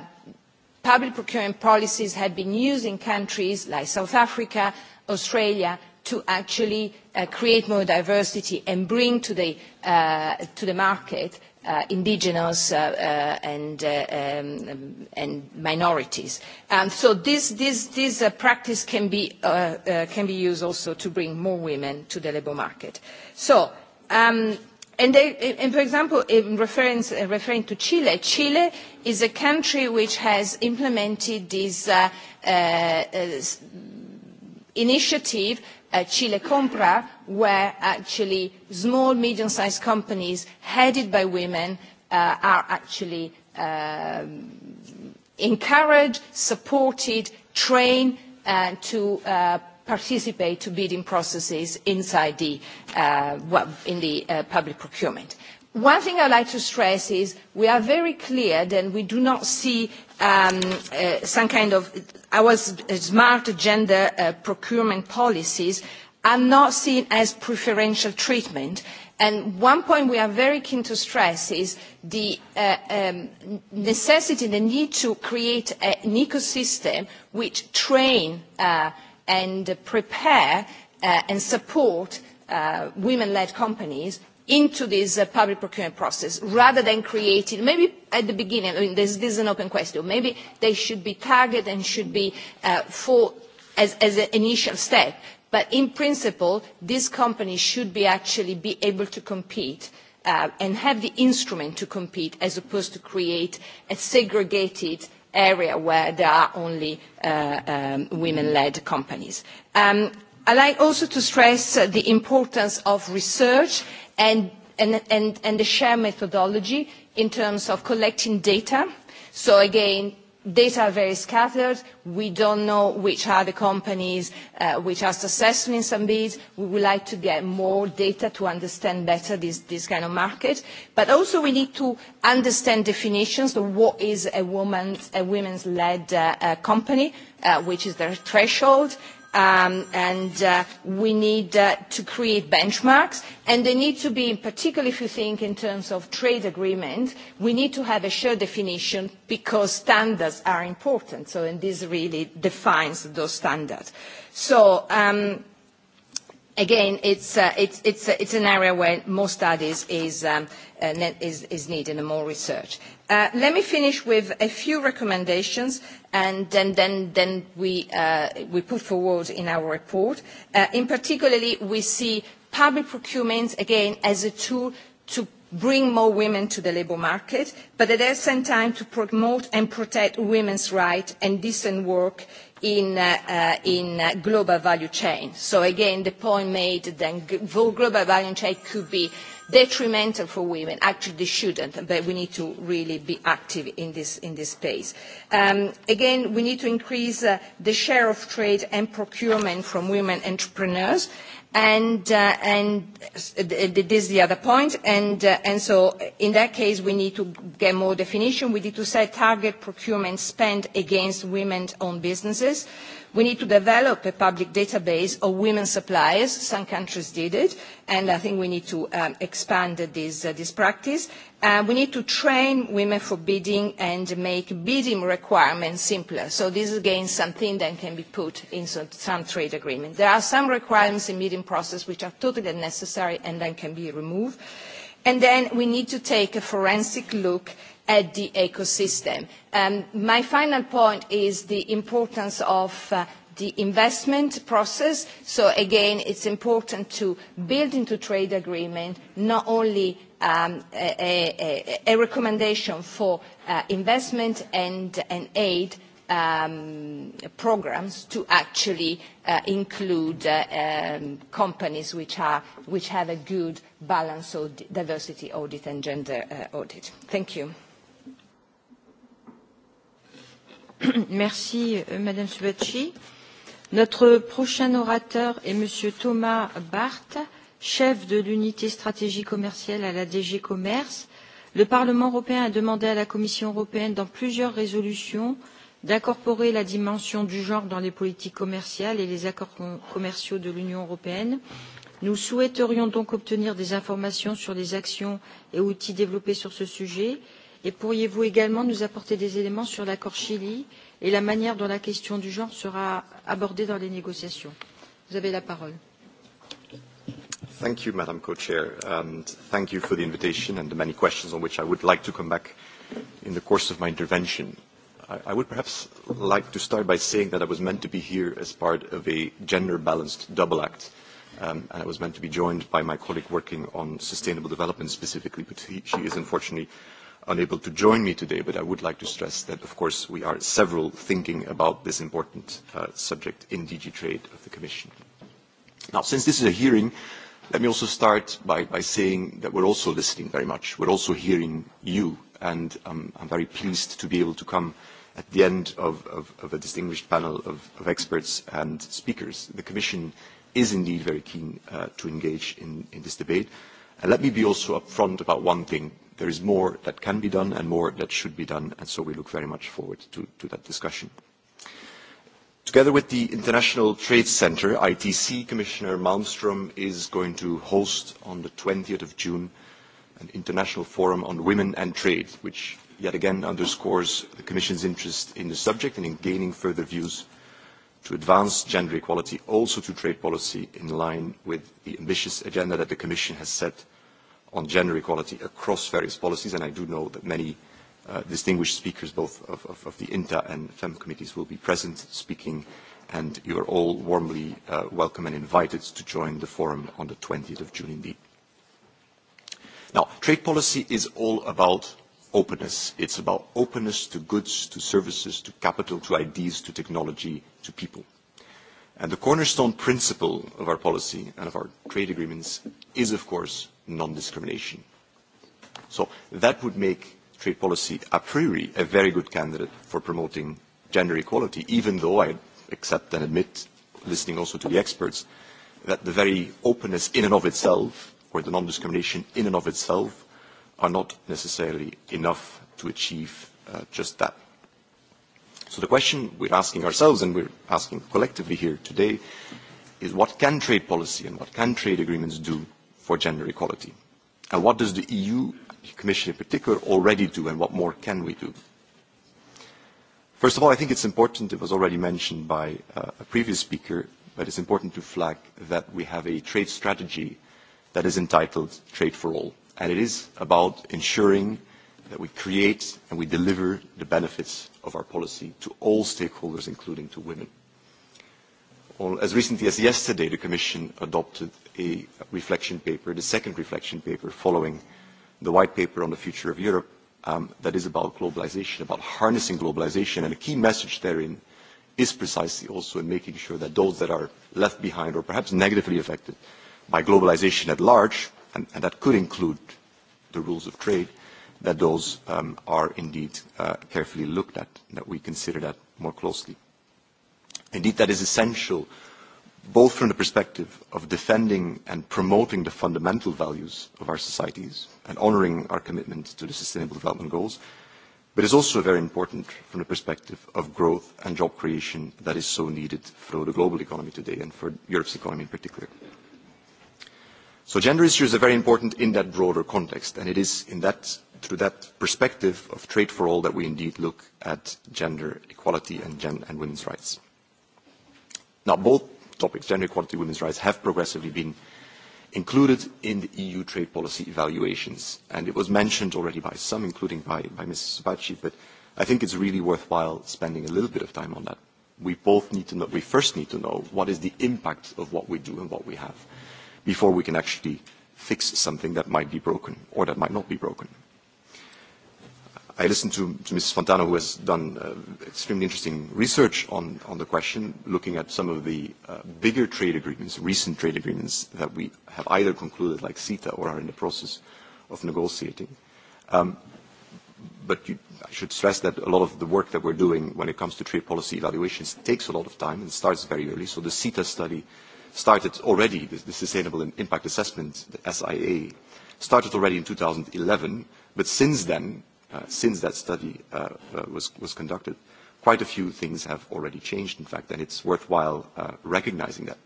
public procurement policies have been used in countries like South Africa, Australia, to actually uh, create more diversity and bring to the, uh, to the market uh, indigenous uh, uh, and, uh, um, um, and minorities. Um, so this, this, this uh, practice can be, uh, uh, can be used also to bring more women to the labour market. So, um, and, they, and for example, in reference, uh, referring to Chile, Chile is a country which has implemented this uh, uh, uh, initiative uh, chile compra where actually small medium sized companies headed by women uh, are actually um, encouraged, supported, trained uh, to uh, participate to bidding processes inside the, uh, in the uh, public procurement. One thing I'd like to stress is we are very clear that we do not see um, uh, some kind of our smart gender uh, procurement policies are not seen as preferential treatment. And one point we are very keen to stress is the uh, um, necessity, the need to create a, an ecosystem which train uh, and prepare uh, and support uh, women-led companies into this uh, public procurement process rather than creating maybe at the beginning I mean, this, this is an open question maybe they should be targeted and should be uh, for as, as an initial step but in principle these companies should be actually be able to compete uh, and have the instrument to compete as opposed to create a segregated area where there are only uh, um, women-led companies. Um, I'd like also to stress uh, the importance of research and, and, and, and the share methodology in terms of collecting data. So again, data are very scattered. We don't know which are the companies uh, which are successful in some bids. We would like to get more data to understand better this, this kind of market. But also we need to understand definitions of what is a woman's, a women's led uh, uh, company, uh, which is their threshold. Um, and uh, we need uh, to create benchmarks. They need to be, particularly if you think in terms of trade agreement, we need to have a shared definition because standards are important. This really defines those standards. Um, Again, uh, uh, it's an area where more studies is um, uh, needed and more research. Let me finish with a few recommendations, and then we put forward in our report. In particular, we see public procurement, again, as a tool to bring more women to the labor market, but at the same time, to promote and protect women's right and decent work Eh, in global value chain. Again, the point made that global value chain could be detrimental for women. Actually, they shouldn't, but we need to really be active in this space. Um, again, we need to increase uh, the share of trade and procurement from women entrepreneurs, and uh, and this is the other point and uh, and so in that case we need to get more definition we need to set target procurement spend against women owned businesses We need to develop a public database of women suppliers. Some countries did it, and I think we need to um, expand this, uh, this practice. Uh, we need to train women for bidding and make bidding requirements simpler. So this is, again, something that can be put in some, some trade agreement. There are some requirements in bidding process which are totally unnecessary and then can be removed. And then we need to take a forensic look at the ecosystem. Um, my final point is the importance of uh, the investment process. So again, it's important to build into trade agreement not only um, a, a, a recommendation for uh, investment and, and aid um, programs to actually uh, include uh, um, companies which, are, which have a good balance of diversity audit and gender uh, audit. Thank you. (coughs) Merci euh, Madame Subacci. Notre prochain orateur est Monsieur Thomas Barth, chef de l'unité stratégie commerciale à la DG Commerce. Le Parlement européen a demandé à la Commission européenne, dans plusieurs résolutions, d'incorporer la dimension du genre dans les politiques commerciales et les accords com commerciaux de l'Union européenne. Nous souhaiterions donc obtenir des informations sur les actions et outils développés sur ce sujet et pourriez vous également nous apporter des éléments sur l'accord chili et la manière dont la question du genre sera abordée dans les négociations? madam president thank you for the invitation and the many questions on which i would like to come back in the course of my intervention. i would perhaps like to start by saying that i was meant to be here as part of a gender balanced double act um, and i was meant to be joined by my colleague working on sustainable development specifically but he, she is unfortunately unable to join me today, but I would like to stress that, of course, we are several thinking about this important uh, subject in DG Trade of the Commission. Now, since this is a hearing, let me also start by, by saying that we're also listening very much. We're also hearing you, and um, I'm very pleased to be able to come at the end of, of, of a distinguished panel of, of experts and speakers. The Commission is indeed very keen uh, to engage in, in this debate. And let me be also upfront about one thing there is more that can be done and more that should be done, and so we look very much forward to, to that discussion. Together with the International Trade Center, ITC Commissioner Malmström is going to host on the 20th of June an international forum on women and trade, which yet again underscores the Commission's interest in the subject and in gaining further views to advance gender equality also to trade policy in line with the ambitious agenda that the Commission has set on gender equality across various policies, and I do know that many uh, distinguished speakers, both of, of, of the INTA and FEM committees, will be present speaking, and you are all warmly uh, welcome and invited to join the forum on the 20th of June indeed. Now, trade policy is all about openness. It's about openness to goods, to services, to capital, to ideas, to technology, to people. And the cornerstone principle of our policy and of our trade agreements is, of course, non-discrimination. So that would make trade policy a priori a very good candidate for promoting gender equality, even though I accept and admit, listening also to the experts, that the very openness in and of itself, or the non-discrimination in and of itself, are not necessarily enough to achieve uh, just that. So the question we're asking ourselves and we're asking collectively here today is what can trade policy and what can trade agreements do for gender equality? And what does the EU Commission in particular already do and what more can we do? First of all, I think it's important, it was already mentioned by uh, a previous speaker, but it's important to flag that we have a trade strategy that is entitled Trade for All. And it is about ensuring that we create and we deliver the benefits of our policy to all stakeholders, including to women. Well, as recently as yesterday, the Commission adopted a reflection paper, the second reflection paper following the White Paper on the Future of Europe, um, that is about globalization, about harnessing globalization, and a key message therein is precisely also in making sure that those that are left behind or perhaps negatively affected by globalization at large, and, and that could include the rules of trade, that those um, are indeed uh, carefully looked at, that we consider that more closely. Indeed, that is essential both from the perspective of defending and promoting the fundamental values of our societies and honoring our commitment to the Sustainable Development Goals, but it's also very important from the perspective of growth and job creation that is so needed for the global economy today and for Europe's economy in particular. So gender issues are very important in that broader context, and it is in that, through that perspective of trade for all that we indeed look at gender equality and, gen- and women's rights. Now, both topics, gender equality and women's rights, have progressively been included in the EU trade policy evaluations, and it was mentioned already by some, including by, by Ms. Sabachi, but I think it's really worthwhile spending a little bit of time on that. We both need to know, we first need to know what is the impact of what we do and what we have before we can actually fix something that might be broken or that might not be broken. I listened to, to Mrs. Fontana, who has done uh, extremely interesting research on, on the question, looking at some of the uh, bigger trade agreements, recent trade agreements that we have either concluded, like CETA, or are in the process of negotiating. Um, but you, I should stress that a lot of the work that we're doing when it comes to trade policy evaluations takes a lot of time and starts very early. So the CETA study started already, the Sustainable Impact Assessment, the SIA, started already in 2011, but since then, uh, since that study uh, uh, was, was conducted, quite a few things have already changed, in fact, and it's worthwhile uh, recognizing that.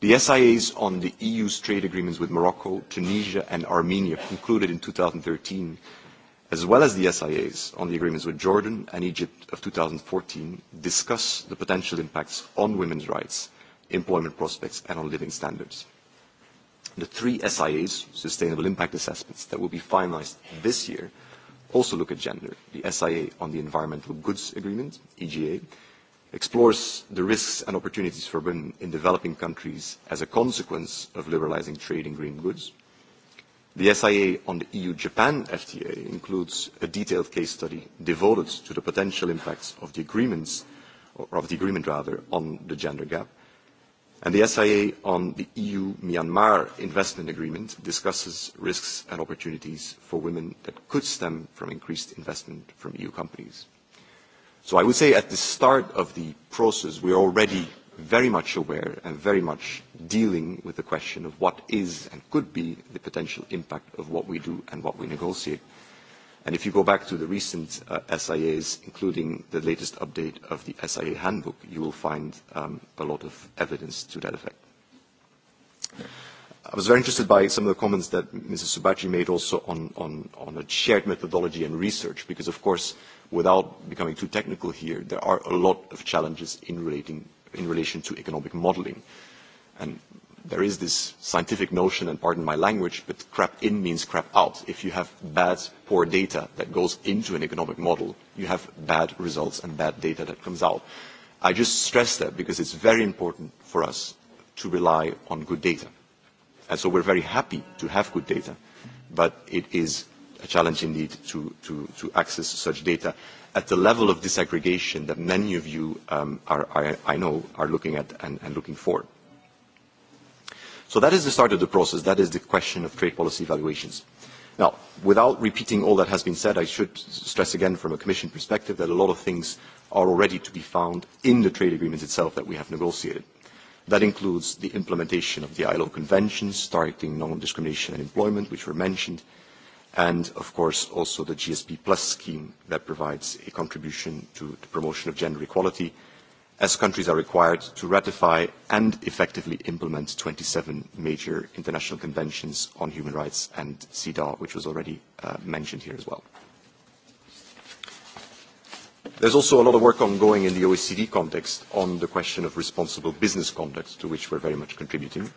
The SIAs on the EU's trade agreements with Morocco, Tunisia, and Armenia concluded in 2013, as well as the SIAs on the agreements with Jordan and Egypt of 2014, discuss the potential impacts on women's rights – employment prospects, and on living standards. The three SIAs, Sustainable Impact Assessments, that will be finalized this year also look at gender. The SIA on the Environmental Goods Agreement, EGA, explores the risks and opportunities for women in developing countries as a consequence of liberalizing trade in green goods. The SIA on the EU-Japan FTA includes a detailed case study devoted to the potential impacts of the agreements, or of the agreement rather, on the gender gap and the SIA on the EU-Myanmar investment agreement discusses risks and opportunities for women that could stem from increased investment from EU companies. I would say at the start of the process, we are already very much aware and very much dealing with the question of what is and could be the potential impact of what we do and what we negotiate, If you go back to the recent uh, SIAs, including the latest update of the SIA handbook, you will find um, a lot of evidence to that effect. I was very interested by some of the comments that Mrs. Subachi made also on, on, on a shared methodology and research, because of course, without becoming too technical here, there are a lot of challenges in, relating, in relation to economic modeling. And there is this scientific notion, and pardon my language, but crap in means crap out. If you have bad, poor data that goes into an economic model, you have bad results and bad data that comes out. I just stress that because it's very important for us to rely on good data. And so we're very happy to have good data, but it is a challenge indeed to, to, to access such data. At the level of disaggregation that many of you um, are, are, I know are looking at and, and looking for. So that is the start of the process. That is the question of trade policy evaluations. Now, without repeating all that has been said, I should stress again from a Commission perspective that a lot of things are already to be found in the trade agreements itself that we have negotiated. That includes the implementation of the ILO conventions targeting non-discrimination and employment, which were mentioned, and of course also the GSP Plus scheme that provides a contribution to the promotion of gender equality, uh, as countries are required to ratify and effectively implement 27 major international conventions on human rights and CEDAW, which was already uh, mentioned here as well. There's also a lot of work ongoing in the OECD context on the question of responsible business conduct, to which we're very much contributing.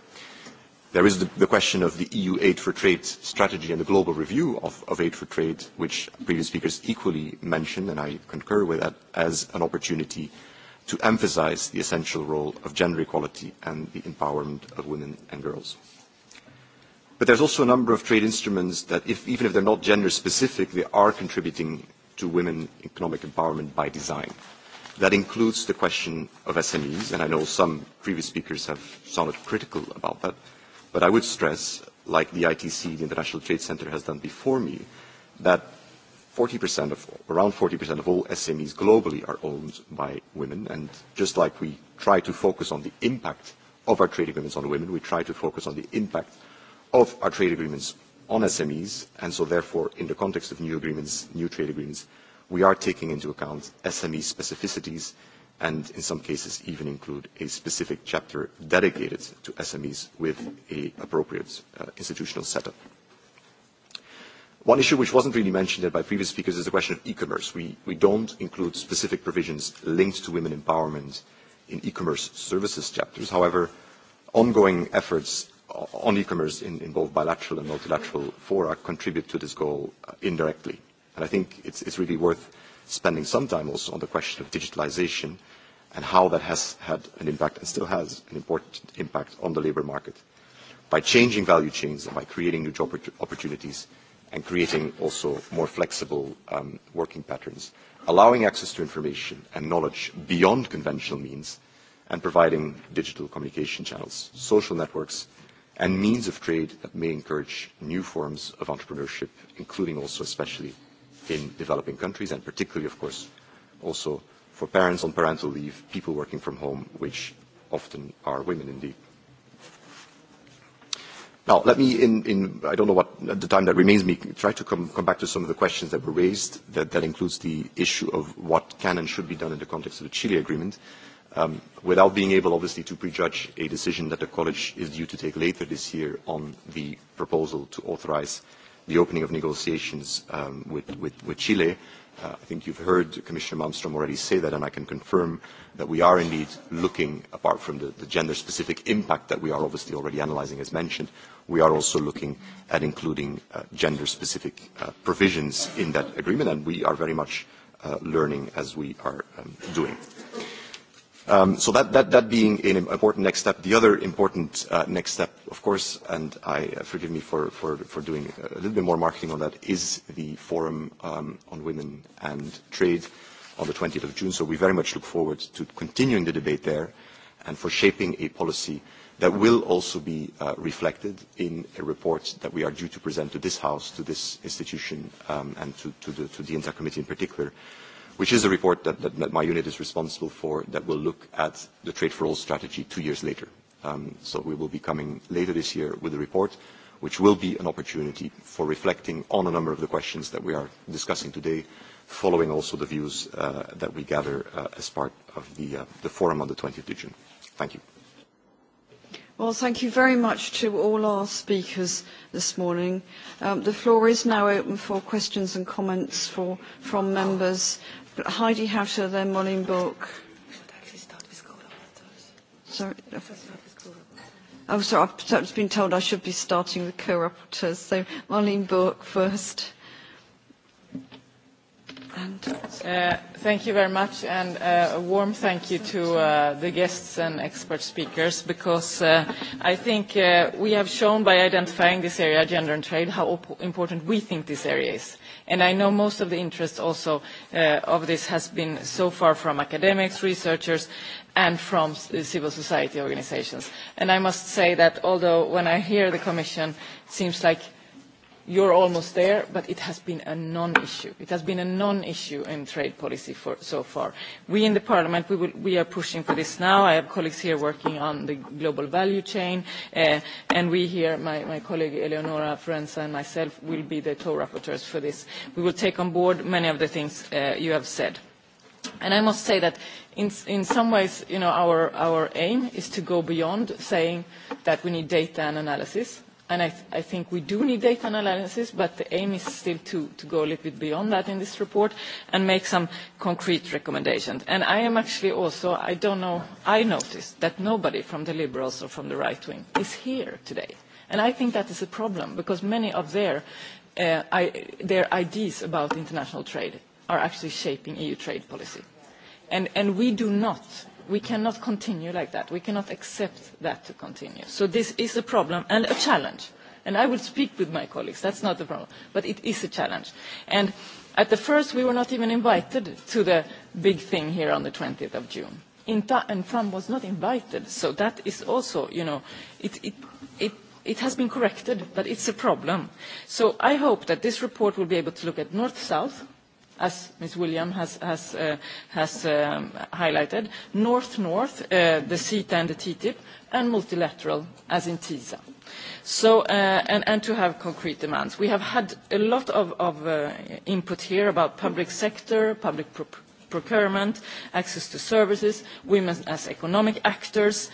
There is the, the question of the EU aid for trade strategy and the global review of, of aid for trade, which previous speakers equally mentioned, and I concur with that, as an opportunity to emphasize the essential role of gender equality and the empowerment of women and girls. But there's also a number of trade instruments that, if, even if they're not gender specific, they are contributing to women economic empowerment by design. That includes the question of SMEs, and I know some previous speakers have sounded critical about that, but I would stress, like the ITC, the International Trade Center, has done before me, that 40% of, around 40% of all SMEs globally are owned by women, and just like we try to focus on the impact of our trade agreements on women, we try to focus on the impact of our trade agreements on SMEs, and so therefore, in the context of new agreements, new trade agreements, we are taking into account SME specificities, and in some cases even include a specific chapter dedicated to SMEs with an appropriate uh, institutional setup. One issue which wasn't really mentioned yet by previous speakers is the question of e-commerce. We, we don't include specific provisions linked to women empowerment in e-commerce services chapters. However, ongoing efforts on e-commerce in, in both bilateral and multilateral fora contribute to this goal uh, indirectly. And I think it's, it's really worth spending some time also on the question of digitalization and how that has had an impact and still has an important impact on the labor market. By changing value chains and by creating new job opportunities, and creating also more flexible um, working patterns, allowing access to information and knowledge beyond conventional means, and providing digital communication channels, social networks, and means of trade that may encourage new forms of entrepreneurship, including also especially in developing countries, and particularly, of course, also for parents on parental leave, people working from home, which often are women indeed. Now, let me, in, in I don't know what the time that remains me, try to come, come back to some of the questions that were raised. That, that includes the issue of what can and should be done in the context of the Chile agreement. Um, without being able, obviously, to prejudge a decision that the college is due to take later this year on the proposal to authorize the opening of negotiations um, with, with, with Chile, Uh, I think you've heard Commissioner Malmstrom already say that, and I can confirm that we are indeed looking, apart from the, the gender-specific impact that we are obviously already analyzing, as mentioned, we are also looking at including uh, gender-specific uh, provisions in that agreement, and we are very much uh, learning as we are um, doing. Um, so that, that, that being an important next step, the other important uh, next step, of course, and I uh, forgive me for, for, for doing a little bit more marketing on that, is the forum um, on women and trade on the 20th of June. So we very much look forward to continuing the debate there and for shaping a policy that will also be uh, reflected in a report that we are due to present to this House, to this institution, um, and to, to, the, to the entire committee in particular which is a report that, that, that my unit is responsible for that will look at the trade for all strategy two years later. Um, so we will be coming later this year with a report, which will be an opportunity for reflecting on a number of the questions that we are discussing today, following also the views uh, that we gather uh, as part of the, uh, the forum on the 20th of June. Thank you. Well, thank you very much to all our speakers this morning. Um, the floor is now open for questions and comments for, from members. Oh. Heidi Hatter, then Molling Book. Sorry. Oh, sorry, I've just been told I should be starting with co-rapporteurs. So Marlene Book first. And, uh, thank you very much and uh, a warm thank you to uh, the guests and expert speakers because uh, I think uh, we have shown by identifying this area, gender and trade, how op- important we think this area is. And I know most of the interest also uh, of this has been so far from academics, researchers, and from civil society organizations. And I must say that although when I hear the Commission, it seems like you're almost there, but it has been a non-issue. It has been a non-issue in trade policy for, so far. We in the Parliament, we, will, we are pushing for this now. I have colleagues here working on the global value chain, uh, and we here, my, my colleague Eleonora Forenza and myself, will be the co-rapporteurs for this. We will take on board many of the things uh, you have said. And I must say that in, in some ways, you know, our, our aim is to go beyond saying that we need data and analysis i think we do need data analysis but the aim is still to go a little bit beyond that in this report and make some concrete recommendations. i am actually also i do not know i noticed that nobody from the liberals or from the right wing is here today and i think that is a problem because many of their uh, ideas about international trade are actually shaping eu trade policy and we do not we cannot continue like that. We cannot accept that to continue. So this is a problem and a challenge. And I will speak with my colleagues. That's not the problem. But it is a challenge. And at the first, we were not even invited to the big thing here on the 20th of June. Inta and Trump was not invited. So that is also, you know, it, it, it, it has been corrected, but it's a problem. So I hope that this report will be able to look at north-south, as ms william has has uh, um, highlighted north north uh, the ceta and the ttip and multilateral as in tisa uh, and to have concrete demands. we have had a lot of input here about public sector public procurement access to services women as economic actors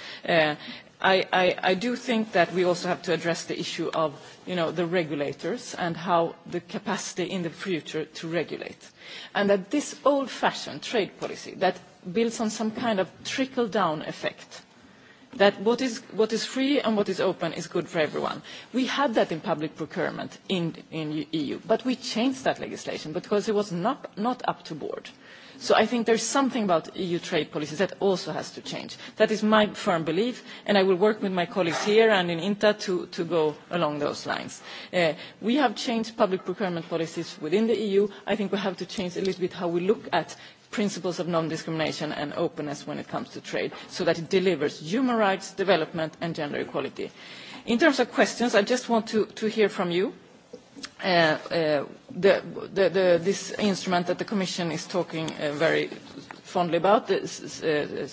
I, I, I do think that we also have to address the issue of you know, the regulators and how the capacity in the future to regulate. And that this old-fashioned trade policy that builds on some kind of trickle-down effect, that what is, what is free and what is open is good for everyone. We had that in public procurement in the EU, but we changed that legislation because it was not, not up to board. Uh, So I think there's something about EU trade policy that also has to change. That is my firm belief, and I will work with my colleagues here and in INTA to, to go along those lines. Uh, we have changed public procurement policies within the EU. I think we have to change a little bit how we look at principles of non-discrimination and openness when it comes to trade so that it delivers human rights, development and gender equality. In terms of questions, I just want to, to hear from you. Uh, uh, this instrument that the commission is talking uh, very fondly about the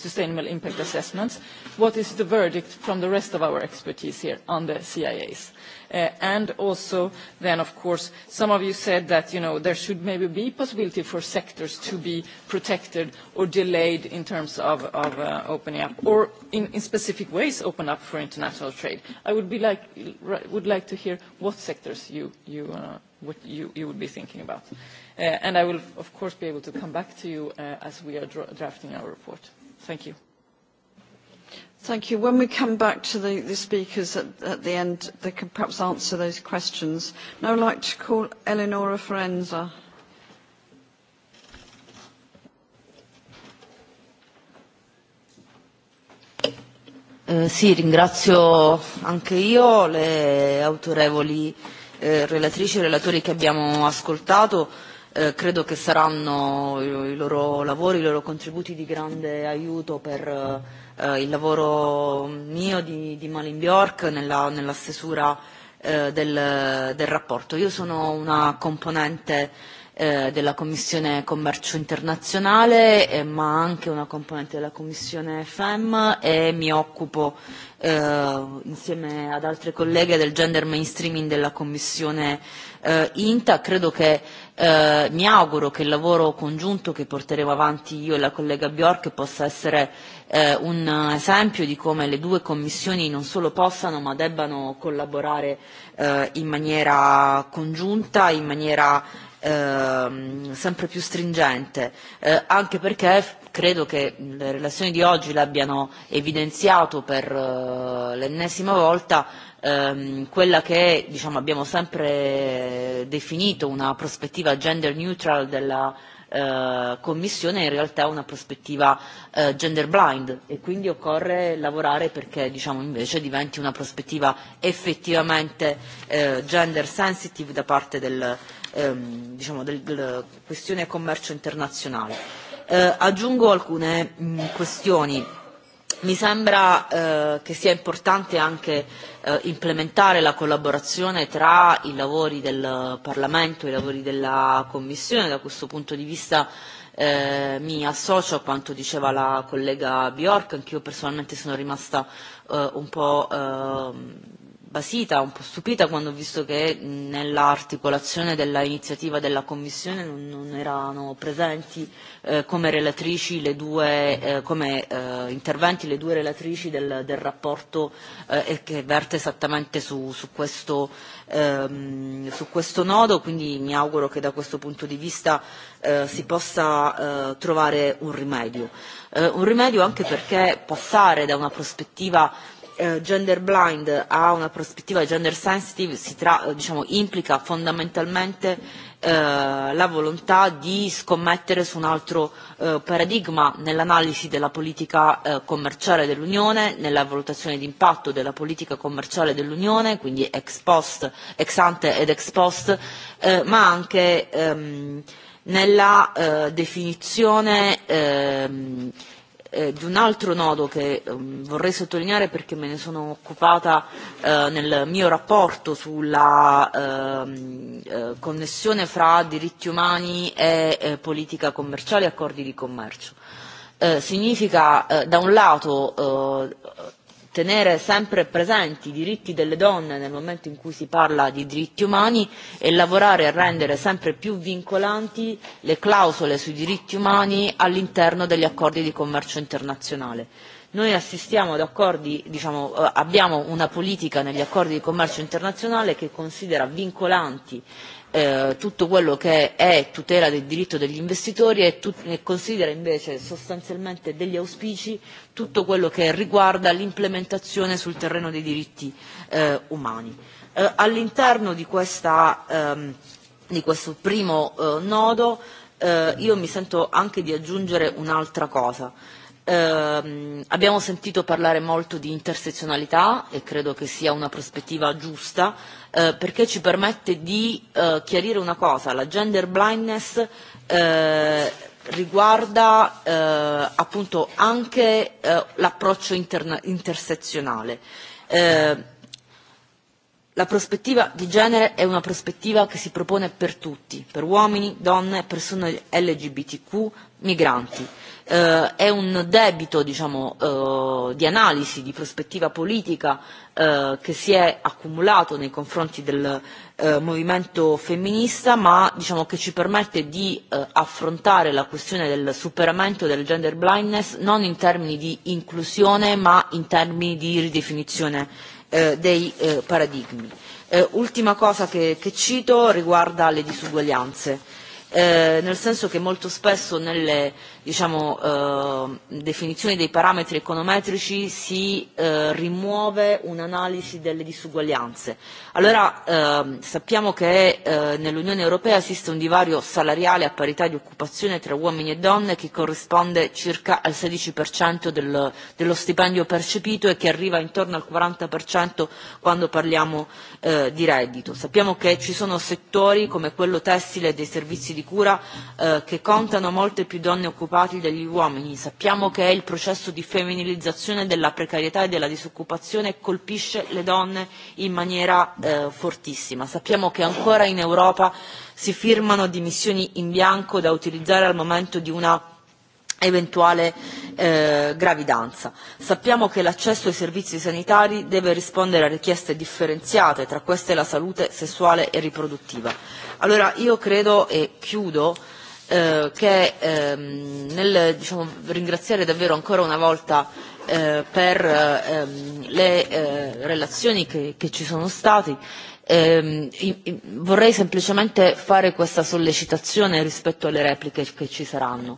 sustainable impact assessments what is the verdict from the rest of our expertise here on the cias? Uh, also then, of course, some of you said that there should maybe be possibility for sectors to be protected or delayed in terms of uh, opening up, or in specific ways open up for international trade. I would like to hear what sectors you uh, would be thinking about. I will, of course, be able to come back to you as we are drafting our report. Thank you. Thank you. When we come back to the, the speakers at, at the end, they can perhaps answer those questions. Now I'd like to call Eleonora Forenza. Eh, sì, ringrazio anche io le autorevoli eh, relatrici e relatori che abbiamo ascoltato. Eh, credo che saranno i, i loro lavori, i loro contributi di grande aiuto per eh, eh, il lavoro mio di, di Malin Bjork nella, nella stesura eh, del, del rapporto. Io sono una componente eh, della Commissione Commercio Internazionale, eh, ma anche una componente della Commissione FEM e mi occupo eh, insieme ad altre colleghe del gender mainstreaming della Commissione eh, INTA. Credo che eh, eh, mi auguro che il lavoro congiunto che porteremo avanti io e la collega Bjork possa essere eh, un esempio di come le due commissioni non solo possano ma debbano collaborare eh, in maniera congiunta, in maniera ehm, sempre più stringente, eh, anche perché credo che le relazioni di oggi l'abbiano evidenziato per uh, l'ennesima volta, uh, ehm, quella che diciamo, abbiamo sempre definito una prospettiva gender neutral della eh, Commissione in realtà una prospettiva eh, gender blind e quindi occorre lavorare perché diciamo, invece diventi una prospettiva effettivamente eh, gender sensitive da parte della ehm, diciamo, del, del questione commercio internazionale. Eh, aggiungo alcune mh, mm, questioni. Mi sembra eh, che sia importante anche eh, implementare la collaborazione tra i lavori del Parlamento e i lavori della Commissione. Da questo punto di vista eh, mi associo a quanto diceva la collega Bjork, anch'io personalmente sono rimasta eh, un po' eh, basita, un po' stupita quando ho visto che nell'articolazione dell'iniziativa della Commissione non, non erano presenti eh, come relatrici le due, eh, come eh, interventi le due relatrici del, del rapporto eh, e che verte esattamente su, su, questo, ehm, su questo nodo, quindi mi auguro che da questo punto di vista eh, si possa eh, trovare un rimedio. Eh, un rimedio anche perché passare da una prospettiva eh, gender blind ha una prospettiva gender sensitive si tra, diciamo, implica fondamentalmente eh, la volontà di scommettere su un altro eh, paradigma nell'analisi della politica eh, commerciale dell'Unione, nella valutazione di impatto della politica commerciale dell'Unione, quindi ex, post, ex ante ed ex post, eh, ma anche ehm, nella eh, definizione ehm, eh, di un altro nodo che mh, ehm, vorrei sottolineare perché me ne sono occupata eh, nel mio rapporto sulla ehm, eh, connessione fra diritti umani e eh, politica commerciale e accordi di commercio. Eh, significa eh, da un lato eh, tenere sempre presenti i diritti delle donne nel momento in cui si parla di diritti umani e lavorare a e rendere sempre più vincolanti le clausole sui diritti umani all'interno degli accordi di commercio internazionale. Noi assistiamo ad accordi, diciamo, eh, abbiamo una politica negli accordi di commercio internazionale che considera vincolanti Eh, tutto quello che è tutela del diritto degli investitori e, e considera invece sostanzialmente degli auspici tutto quello che riguarda l'implementazione sul terreno dei diritti eh, umani. Eh, all'interno di, questa, ehm, di questo primo eh, nodo eh, io mi sento anche di aggiungere un'altra cosa. Eh, abbiamo sentito parlare molto di intersezionalità e credo che sia una prospettiva giusta eh, perché ci permette di eh, chiarire una cosa, la gender blindness eh, riguarda eh, appunto anche eh, l'approccio intersezionale. Eh, la prospettiva di genere è una prospettiva che si propone per tutti, per uomini, donne, persone LGBTQ, migranti eh, è un debito diciamo, eh, di analisi, di prospettiva politica eh, che si è accumulato nei confronti del eh, movimento femminista, ma diciamo, che ci permette di eh, affrontare la questione del superamento del gender blindness non in termini di inclusione, ma in termini di ridefinizione eh, dei eh, paradigmi. Eh, ultima cosa che, che cito riguarda le disuguaglianze, eh, nel senso che molto spesso nelle, eh, diciamo, eh, definizione dei parametri econometrici si eh, rimuove un'analisi delle disuguaglianze. Allora eh, sappiamo che eh, nell'Unione Europea esiste un divario salariale a parità di occupazione tra uomini e donne che corrisponde circa al 16% del, dello stipendio percepito e che arriva intorno al 40% quando parliamo eh, di reddito. Sappiamo che ci sono settori come quello tessile e dei servizi di cura eh, che contano molte più donne occupate parli degli uomini sappiamo che è il processo di femminilizzazione della precarietà e della disoccupazione che colpisce le donne in maniera eh, fortissima. Sappiamo che ancora in Europa si firmano dimissioni in bianco da utilizzare al momento di una eventuale eh, gravidanza. Sappiamo che l'accesso ai servizi sanitari deve rispondere a richieste differenziate, tra queste la salute sessuale e riproduttiva. Allora io credo e chiudo Eh, che ehm, nel diciamo, ringraziare davvero ancora una volta eh, per ehm, le eh, relazioni che, che ci sono stati, eh, vorrei semplicemente fare questa sollecitazione rispetto alle repliche che ci saranno.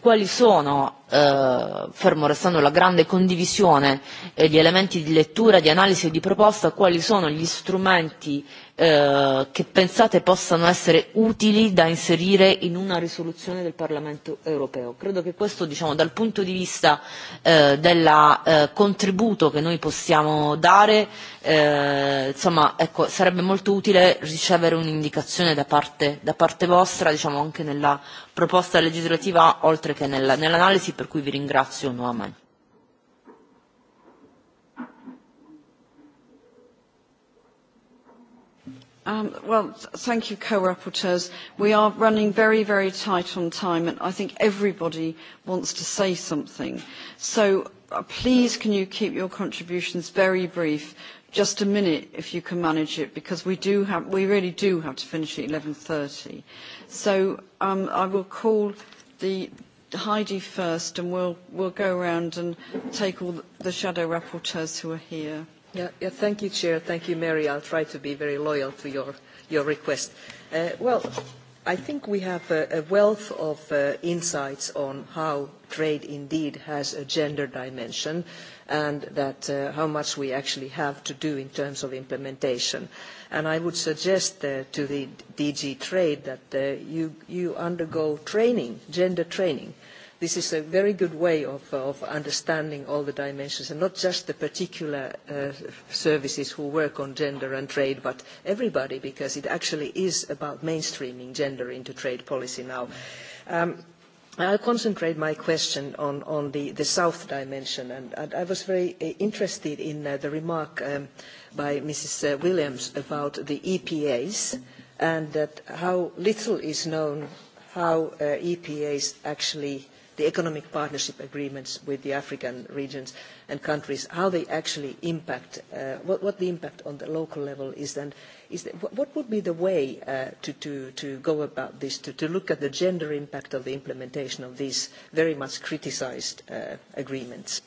Quali sono, eh, fermo restando la grande condivisione eh, di elementi di lettura, di analisi e di proposta, quali sono gli strumenti Eh, che pensate possano essere utili da inserire in una risoluzione del Parlamento europeo. Credo che questo diciamo, dal punto di vista eh, del eh, contributo che noi possiamo dare eh, insomma, ecco, sarebbe molto utile ricevere un'indicazione da, da parte vostra diciamo, anche nella proposta legislativa oltre che nell'analisi nell per cui vi ringrazio nuovamente. Um, well, thank you, co-rapporteurs. We are running very, very tight on time, and I think everybody wants to say something. So uh, please, can you keep your contributions very brief? Just a minute, if you can manage it, because we, do have, we really do have to finish at 11.30. So um, I will call the Heidi first, and we'll, we'll go around and take all the shadow rapporteurs who are here. Thank you, Chair. Thank you, Mary. I'll try to be very loyal to your request. Uh, well, I think we have a wealth of uh, insights on how trade indeed has a gender dimension and that uh, how much we actually have to do in terms of implementation. I would suggest to the DG Trade that you undergo training, gender training, this is a very good way of, uh, of understanding all the dimensions and not just the particular uh, services who work on gender and trade but everybody because it actually is about mainstreaming gender into trade policy now. Um, I'll concentrate my question on, on the, the South dimension and, and I was very uh, interested in uh, the remark um, by Mrs. Uh, Williams about the EPAs and that how little is known how uh, EPAs actually uh, the economic partnership agreements with the African regions and countries, how they actually impact, uh, what, what the impact on the local level is, and is the, what would be the way uh, to, to, to go about this, to, to look at the gender impact of the implementation of these very much criticized uh, agreements?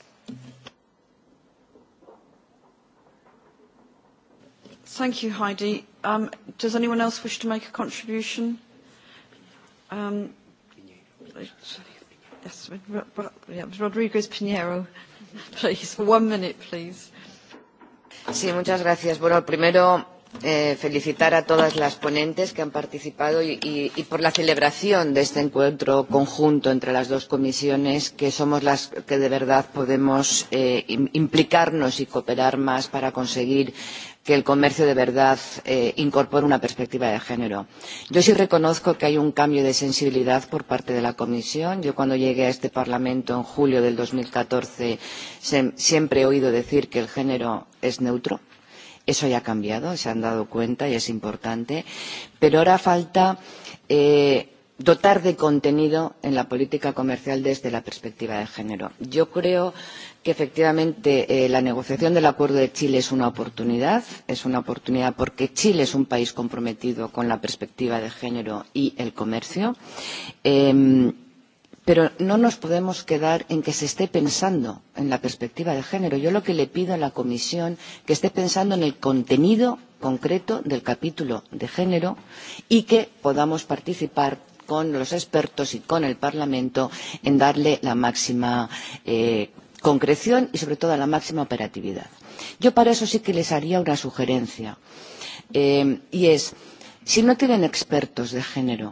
Thank you, Heidi. Um, does anyone else wish to make a contribution? Um, yes, Rodriguez Pinheiro, (laughs) please, one minute, please. Sí, muchas gracias. Bueno, primero, eh, felicitar a todas las ponentes que han participado y, y, y por la celebración de este encuentro conjunto entre las dos comisiones, que somos las que de verdad podemos eh, implicarnos y cooperar más para conseguir que el comercio de verdad eh, incorpore una perspectiva de género. Yo sí reconozco que hay un cambio de sensibilidad por parte de la Comisión. Yo cuando llegué a este Parlamento en julio del 2014 se, siempre he oído decir que el género es neutro, Eso ya ha cambiado, se han dado cuenta y es importante. Pero ahora falta eh, dotar de contenido en la política comercial desde la perspectiva de género. Yo creo que efectivamente eh, la negociación del acuerdo de Chile es una oportunidad, es una oportunidad porque Chile es un país comprometido con la perspectiva de género y el comercio. Eh, Pero no nos podemos quedar en que se esté pensando en la perspectiva de género. Yo lo que le pido a la Comisión que esté pensando en el contenido concreto del capítulo de género y que podamos participar con los expertos y con el Parlamento en darle la máxima eh, concreción y sobre todo la máxima operatividad. Yo para eso sí que les haría una sugerencia eh, y es si no tienen expertos de género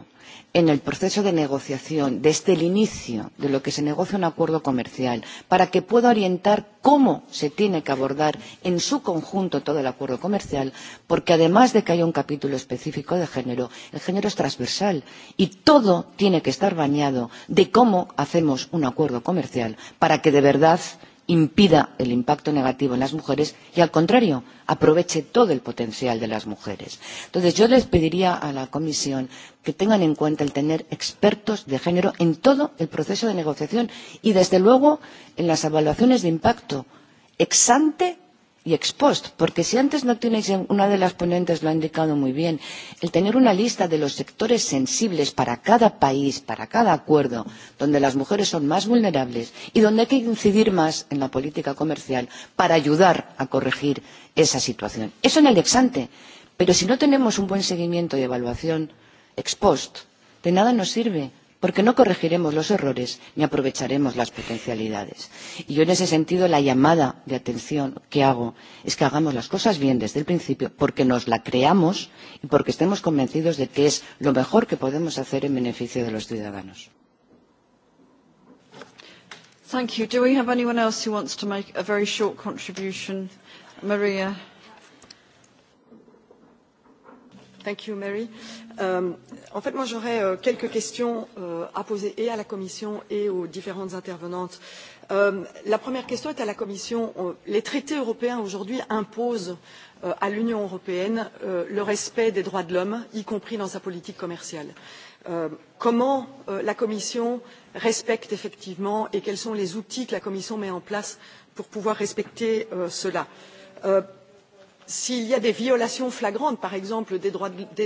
en el proceso de negociación, desde el inicio de lo que se negocia un acuerdo comercial, para que pueda orientar cómo se tiene que abordar en su conjunto todo el acuerdo comercial, porque además de que haya un capítulo específico de género, el género es transversal y todo tiene que estar bañado de cómo hacemos un acuerdo comercial para que de verdad impida el impacto negativo en las mujeres y, al contrario, aproveche todo el potencial de las mujeres. Entonces, yo les pediría a la Comisión que tengan en cuenta el tener expertos de género en todo el proceso de negociación y, desde luego, en las evaluaciones de impacto ex ante y ex post, porque si antes no tienes, una de las ponentes lo ha indicado muy bien, el tener una lista de los sectores sensibles para cada país, para cada acuerdo, donde las mujeres son más vulnerables y donde hay que incidir más en la política comercial para ayudar a corregir esa situación. Eso en el ex ante, pero si no tenemos un buen seguimiento y evaluación ex post, de nada nos sirve porque no corregiremos los errores ni aprovecharemos las potencialidades. Y yo en ese sentido la llamada de atención que hago es que hagamos las cosas bien desde el principio porque nos la creamos y porque estemos convencidos de que es lo mejor que podemos hacer en beneficio de los ciudadanos. Thank you. Do we have anyone else who wants to make a very short contribution? Maria. Mary. Euh, en fait, moi, j'aurais euh, quelques questions euh, à poser et à la Commission et aux différentes intervenantes. Euh, la première question est à la Commission. Euh, les traités européens aujourd'hui imposent euh, à l'Union européenne euh, le respect des droits de l'homme, y compris dans sa politique commerciale. Euh, comment euh, la Commission respecte effectivement et quels sont les outils que la Commission met en place pour pouvoir respecter euh, cela euh, s'il y a des violations flagrantes par exemple des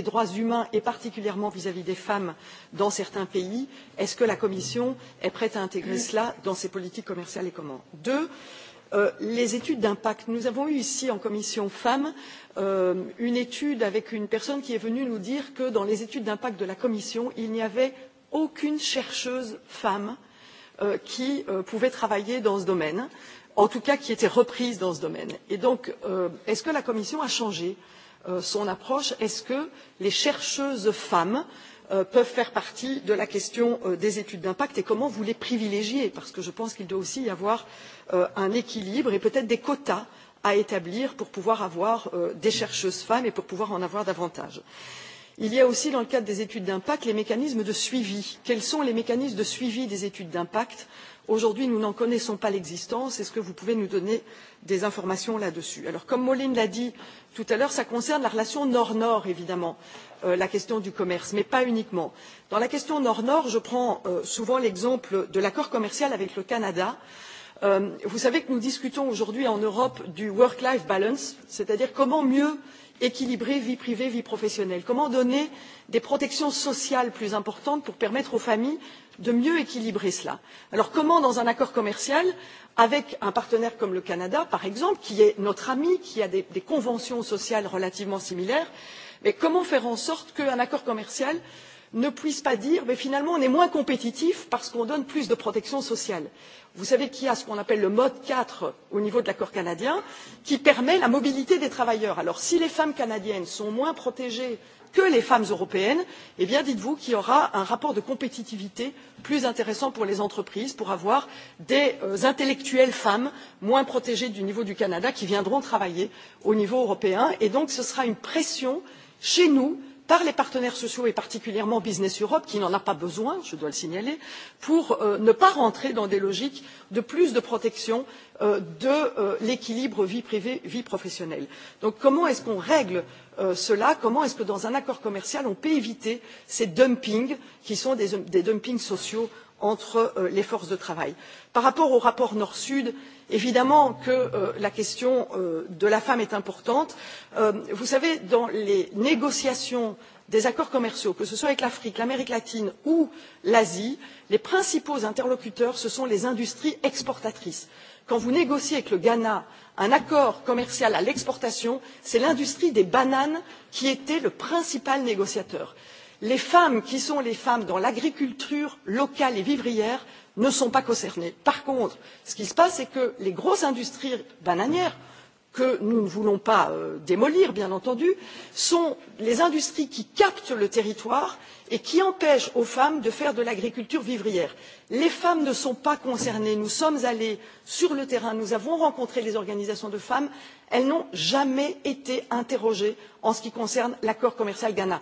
droits humains et particulièrement vis à vis des femmes dans certains pays est ce que la commission est prête à intégrer cela dans ses politiques commerciales et comment? deuxièmement euh, les études d'impact nous avons eu ici en commission femm euh, une étude avec une personne qui est venue nous dire que dans les études d'impact de la commission il n'y avait aucune chercheuse femme euh, qui pouvait travailler dans ce domaine en tout cas qui étaient reprises dans ce domaine. Euh, est ce que la commission a changé euh, son approche? est ce que les chercheuses femmes euh, peuvent faire partie de la question des études d'impact et comment vous les privilégiez? parce que je pense qu'il doit aussi y avoir un équilibre et peut être des quotas à établir pour pouvoir avoir des chercheuses femmes et pour pouvoir en avoir davantage. il y a aussi dans le cadre des études d'impact les mécanismes de suivi. quels sont les mécanismes de suivi des études d'impact? aujourd'hui nous n'en connaissons pas l'existence est ce que vous pouvez nous donner des informations là dessus? alors comme moline l'a dit tout à l'heure cela concerne la relation nord nord évidemment euh, la question du commerce mais pas uniquement. dans la question nord nord je prends euh, souvent l'exemple de l'accord commercial avec le canada. Euh, vous savez que nous discutons aujourd'hui en europe du work life balance c'est à dire comment mieux équilibrer vie privée et vie professionnelle comment donner des protections sociales plus importantes pour permettre aux familles de mieux équilibrer cela. alors comment dans un accord commercial avec un partenaire comme le canada par exemple qui est notre ami qui a des conventions sociales relativement similaires faire en sorte qu'un accord commercial ne puisse pas dire finalement on est moins compétitif parce qu'on donne plus de protection sociale? vous savez qu'il y a ce qu'on appelle le mode quatre au niveau de l'accord canadien qui permet la mobilité des travailleurs. alors si les femmes canadiennes sont moins protégées que les femmes européennes eh bien dites vous qu'il y aura un rapport de compétitivité plus intéressant pour les entreprises pour avoir des euh, intellectuelles femmes moins protégées du niveau du canada qui viendront travailler au niveau européen et donc ce sera une pression chez nous par les partenaires sociaux et particulièrement business europe qui n'en a pas besoin je dois le signaler pour euh, ne pas rentrer dans des logiques de plus de protection euh, de l'équilibre vie privée vie professionnelle. donc comment est ce qu'on règle Euh, cela comment est ce que dans un accord commercial on peut éviter ces dumpings qui sont des dumpings sociaux entre euh, les forces de travail? par rapport au rapport nord sud j'ai évidemment que euh, la question euh, de la femme est importante. Euh, vous savez dans les négociations des accords commerciaux que ce soit avec l'afrique l'amérique latine ou l'asie les principaux interlocuteurs ce sont les industries exportatrices. quand vous négociez avec le ghana un accord commercial à l'exportation c'est l'industrie des bananes qui était le principal négociateur. les femmes qui sont les femmes dans l'agriculture locale et vivrière ne sont pas concernés. par contre ce qui se passe c'est que les grosses industries bananières que nous ne voulons pas euh, démolir bien entendu sont les industries qui captent le territoire et qui empêchent les femmes de faire de l'agriculture vivrière. les femmes ne sont pas concernées. nous sommes allés sur le terrain nous avons rencontré les organisations de femmes elles n'ont jamais été interrogées en ce qui concerne l'accord commercial ghana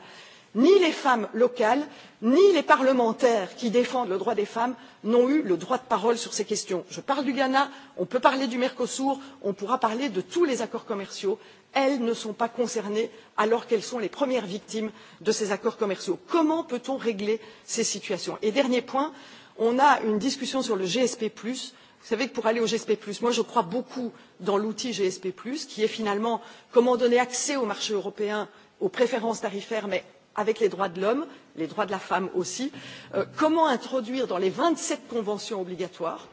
ni les femmes locales ni les parlementaires qui défendent le droit des femmes n'ont eu le droit de parole sur ces questions. je parle du ghana on peut parler du mercosur on pourra parler de tous les accords commerciaux elles ne sont pas concernées alors qu'elles sont les premières victimes de ces accords commerciaux. comment peut on régler ces situations? dernier point on a une discussion sur le gsp vous savez que pour aller au gsp je crois beaucoup dans l'outil gsp qui est finalement comment donner accès au marché européen aux préférences tarifaires avec les droits de l'homme les droits de la femme aussi euh, comment introduire dans les vingt sept conventions obligatoires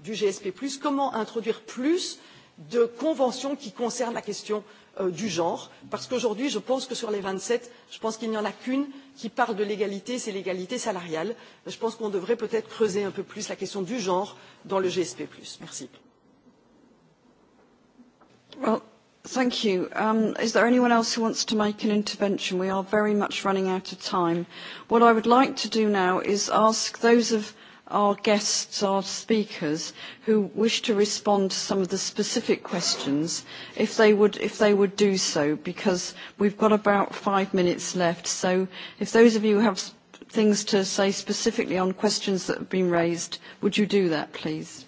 du gsp comment introduire plus de conventions qui concernent la question euh, du genre parce qu'aujourd'hui je pense que sur les vingt sept je pense qu'il n'y en a qu'une qui parle de l'égalité c'est l'égalité salariale je pense qu'on devrait peut être creuser un peu plus la question du genre dans le gsp. merci. Thank you. Um, is there anyone else who wants to make an intervention? We are very much running out of time. What I would like to do now is ask those of our guests, our speakers, who wish to respond to some of the specific questions, if they would, if they would do so, because we've got about five minutes left. So if those of you have things to say specifically on questions that have been raised, would you do that, please?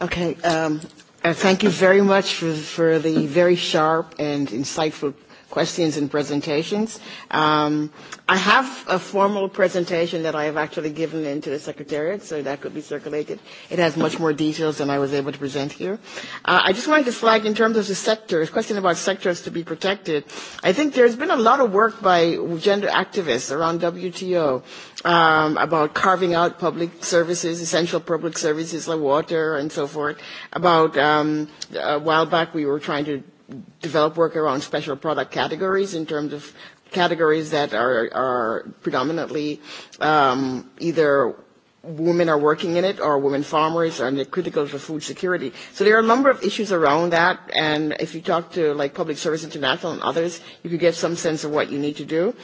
Okay. Um, uh, thank you very much for the very sharp and insightful questions and presentations. Um, I have a formal presentation that I have actually given into the Secretariat, so that could be circulated. It has much more details than I was able to present here. Uh, I just wanted to flag in terms of the sectors, question about sectors to be protected. I think there's been a lot of work by gender activists around WTO um, about carving out public services, essential public services like water and so forth. About um, a while back, we were trying to develop work around special product categories in terms of categories that are, are predominantly um, either women are working in it or women farmers and they're critical for food security. So there are a number of issues around that and if you talk to like Public Service International and others, you could get some sense of what you need to do.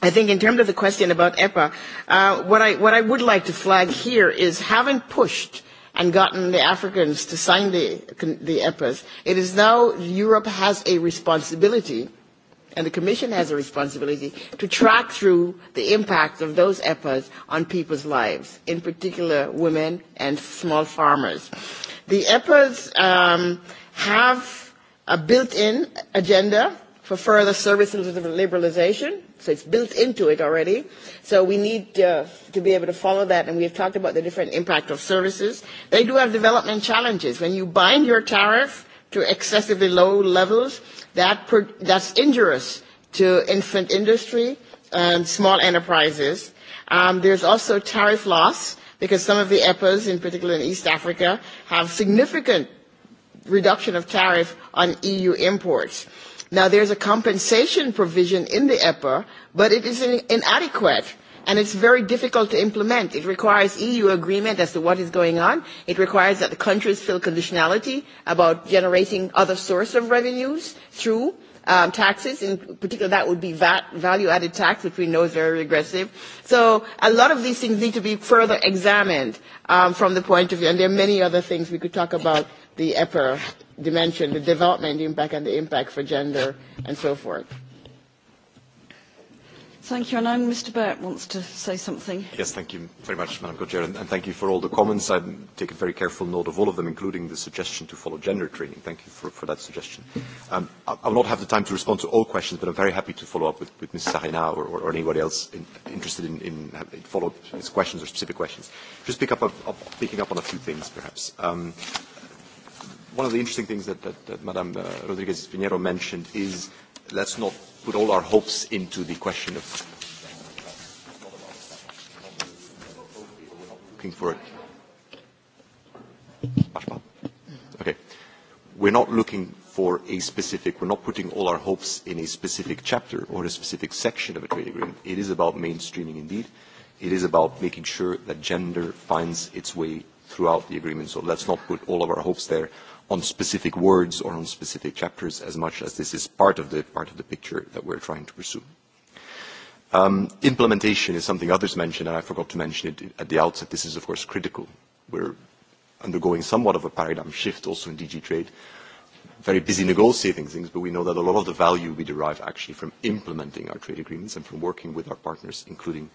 I think in terms of the question about EPA, uh, what, I, what I would like to flag here is having pushed – and gotten the Africans to sign the, the EPAs. It is now Europe has a responsibility, and the Commission has a responsibility, to track through the impact of those EPAs on people's lives, in particular women and small farmers. The EPAs um, have a built-in agenda for further services of liberalization, It's built into it already. We need uh, to be able to follow that, and we have talked about the different impact of services. They do have development challenges. When you bind your tariff to excessively low levels, that's injurious to infant industry and small enterprises. Um, there's also tariff loss because some of the EPAs, in particular in East Africa, have significant reduction of tariff on EU imports. Now, there's a compensation provision in the EPA, but it is in- inadequate. And it's very difficult to implement. It requires EU agreement as to what is going on. It requires that the countries fill conditionality about generating other source of revenues through um, taxes. In particular, that would be VAT, value-added tax, which we know is very regressive. So a lot of these things need to be further examined um, from the point of view. And there are many other things we could talk about the EPR dimension, the development impact and the impact for gender and so forth. Thank you. And I'm Mr. Burt wants to say something. Yes, thank you very much, Madam Co-Chair, and, and thank you for all the comments. I've taken very careful note of all of them, including the suggestion to follow gender training. Thank you for, for that suggestion. Um, I, I will not have the time to respond to all questions, but I'm very happy to follow up with, with Ms. Sarina or, or, or anybody else in, interested in, in, in follow-up questions or specific questions. Just pick up, up, up, picking up on a few things, perhaps. Um, one of the interesting things that, that, that Madame uh, Rodriguez Pinheiro mentioned is let's not put all our hopes into the question of looking for it. Okay. We're not looking for a specific, we're not putting all our hopes in a specific chapter or a specific section of a trade agreement. It is about mainstreaming indeed. It is about making sure that gender finds its way throughout the agreement. So let's not put all of our hopes there on specific words or on specific chapters as much as this is part of the part of the picture that we're trying to pursue. Um, implementation is something others mentioned, and I forgot to mention it at the outset. This is, of course, critical. We're undergoing somewhat of a paradigm shift also in DG trade. Very busy negotiating things, but we know that a lot of the value we derive actually from implementing our trade agreements and from working with our partners, including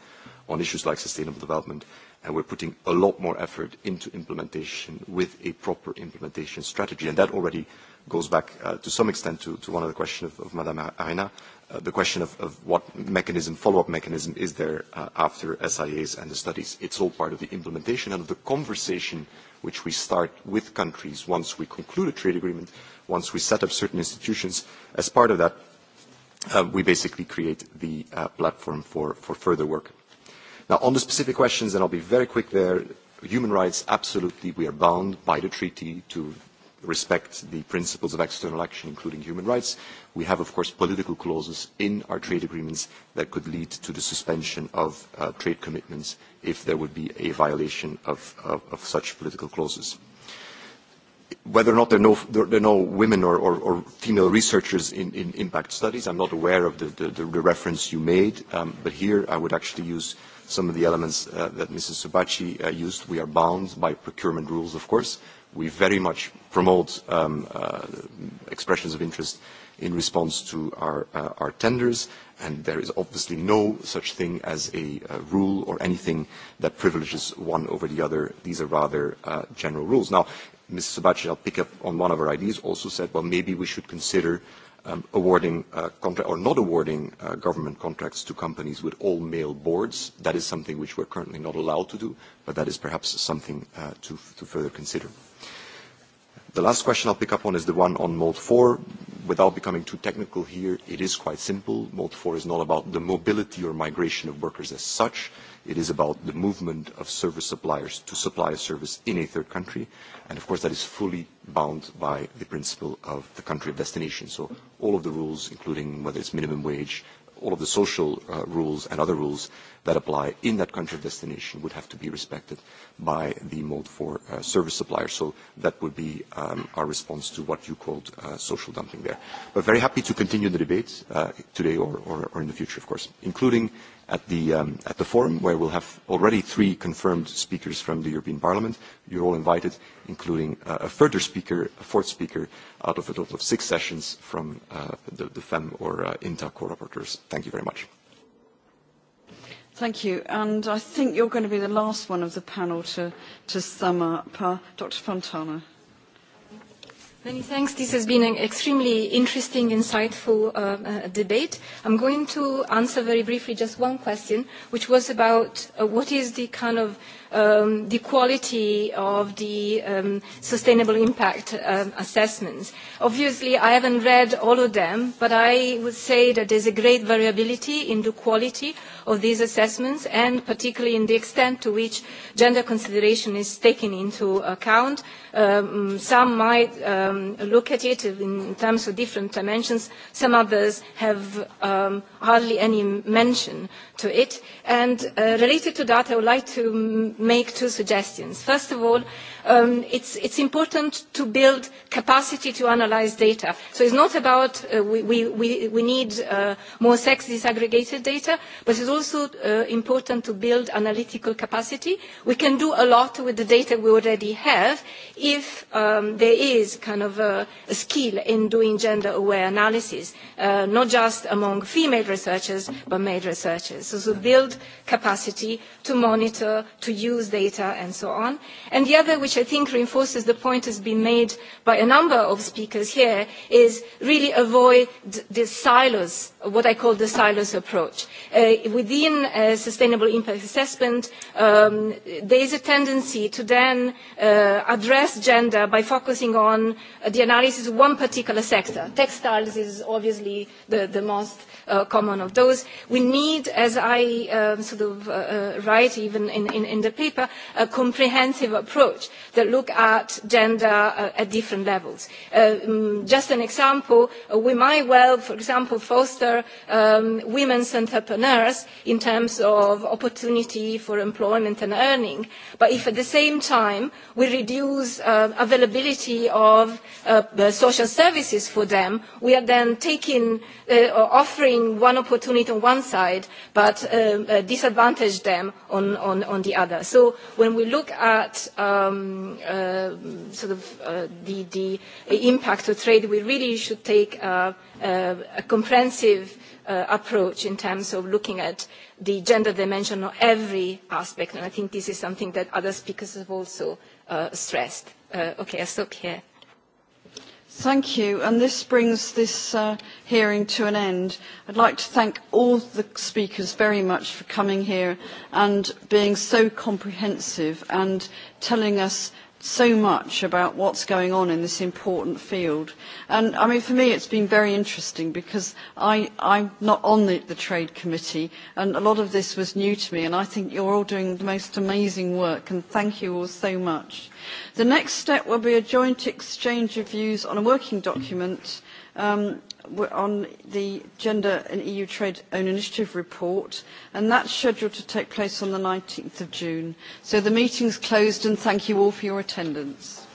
on issues like sustainable development, and we're putting a lot more effort into implementation with a proper implementation strategy. And that already goes back uh, to some extent to, to one of the questions of, of Madame Arena, uh, the question of, of what mechanism, follow-up mechanism is there uh, after SIAs and the studies. It's all part of the implementation and of the conversation which we start with countries once we conclude a trade agreement, once we set up certain institutions. As part of that, uh, we basically create the uh, platform for, for further work Now, on the specific questions, and I'll be very quick there, human rights, absolutely, we are bound by the treaty to respect the principles of external action, including human rights. We have, of course, political clauses in our trade agreements that could lead to the suspension of uh, trade commitments if there would be a violation of, of, of such political clauses. Whether or not there are no, there, there are no women or, or, or female researchers in, in impact studies, I'm not aware of the, the, the reference you made, um, but here I would actually use some of the elements uh, that Mrs. Subachi uh, used. We are bound by procurement rules, of course. We very much promote um, uh, expressions of interest in response to our, uh, our tenders, and there is obviously no such thing as a uh, rule or anything that privileges one over the other. These are rather uh, general rules. Now, Mrs. Subachi, I'll pick up on one of her ideas, also said, well, maybe we should consider um, awarding uh, contract or not awarding uh, government contracts to companies with all male boards. That is something which we're currently not allowed to do, but that is perhaps something uh, to, f- to further consider. The last question I'll pick up on is the one on Mode 4. Without becoming too technical here, it is quite simple. Mode 4 is not about the mobility or migration of workers as such. It is about the movement of service suppliers to supply a service in a third country. And of course, that is fully bound by the principle of the country of destination. So all of the rules, including whether it's minimum wage, all of the social uh, rules and other rules that apply in that country of destination would have to be respected by the mode for uh, service supplier. So that would be um, our response to what you called uh, social dumping there. But very happy to continue the debate uh, today or, or, or in the future, of course, including at the um, at the forum where we'll have already three confirmed speakers from the European Parliament. You're all invited, including uh, a further speaker, a fourth speaker, out of a total of six sessions from uh, the, the FEM or uh, INTA co-rapporteurs. Thank you very much. Thank you. And I think you're going to be the last one of the panel to, to sum up. Uh, Dr. Fontana. Many thanks. This has been an extremely interesting, insightful uh, uh, debate. I'm going to answer very briefly just one question, which was about uh, what is the kind of um, the quality of the um, sustainable impact um, assessments. Obviously, I haven't read all of them, but I would say that there's a great variability in the quality of these assessments and particularly in the extent to which gender consideration is taken into account. Um, some might um, look at it in terms of different dimensions. Some others have um, hardly any mention to it. And uh, related to that, I would like to mm, make two suggestions. first of all um, it's, it's important to build capacity to analyze data. So it's not about uh, we, we, we need uh, more sex disaggregated data, but it's also uh, important to build analytical capacity. We can do a lot with the data we already have if um, there is kind of a, a skill in doing gender aware analysis, uh, not just among female researchers, but male researchers. So to build capacity to monitor, to use data, and so on. And the other, which I think reinforces the point that has been made by a number of speakers here, is really avoid the silos, what I call the silos approach. Uh, within a uh, sustainable impact assessment, um, there is a tendency to then uh, address gender by focusing on uh, the analysis of one particular sector. Textiles is obviously the, the most uh, common of those. We need, as I um, sort of uh, uh, write even in, in, in the paper, a comprehensive approach that look at gender uh, at different levels. Uh, mm, just an example, uh, we might well, for example, foster um, women's entrepreneurs in terms of opportunity for employment and earning, but if at the same time we reduce uh, availability of uh, social services for them, we are then taking uh, or offering one opportunity on one side, but uh, uh, disadvantage them on, on, on the other. So when we look at um, um, uh, sort of uh, the, the impact of trade, we really should take a, a, a comprehensive uh, approach in terms of looking at the gender dimension of every aspect. And I think this is something that other speakers have also uh, stressed. Uh, okay, I'll stop here. Thank you. And this brings this uh, hearing to an end. I'd like to thank all the speakers very much for coming here and being so comprehensive and telling us so much about what's going on in this important field. And I mean, for me, it's been very interesting because I, I'm not on the, the trade committee and a lot of this was new to me. And I think you're all doing the most amazing work and thank you all so much. The next step will be a joint exchange of views on a working document um, on the Gender and EU Trade Own Initiative report, and that's scheduled to take place on the 19th of June. So the meeting's closed, and thank you all for your attendance.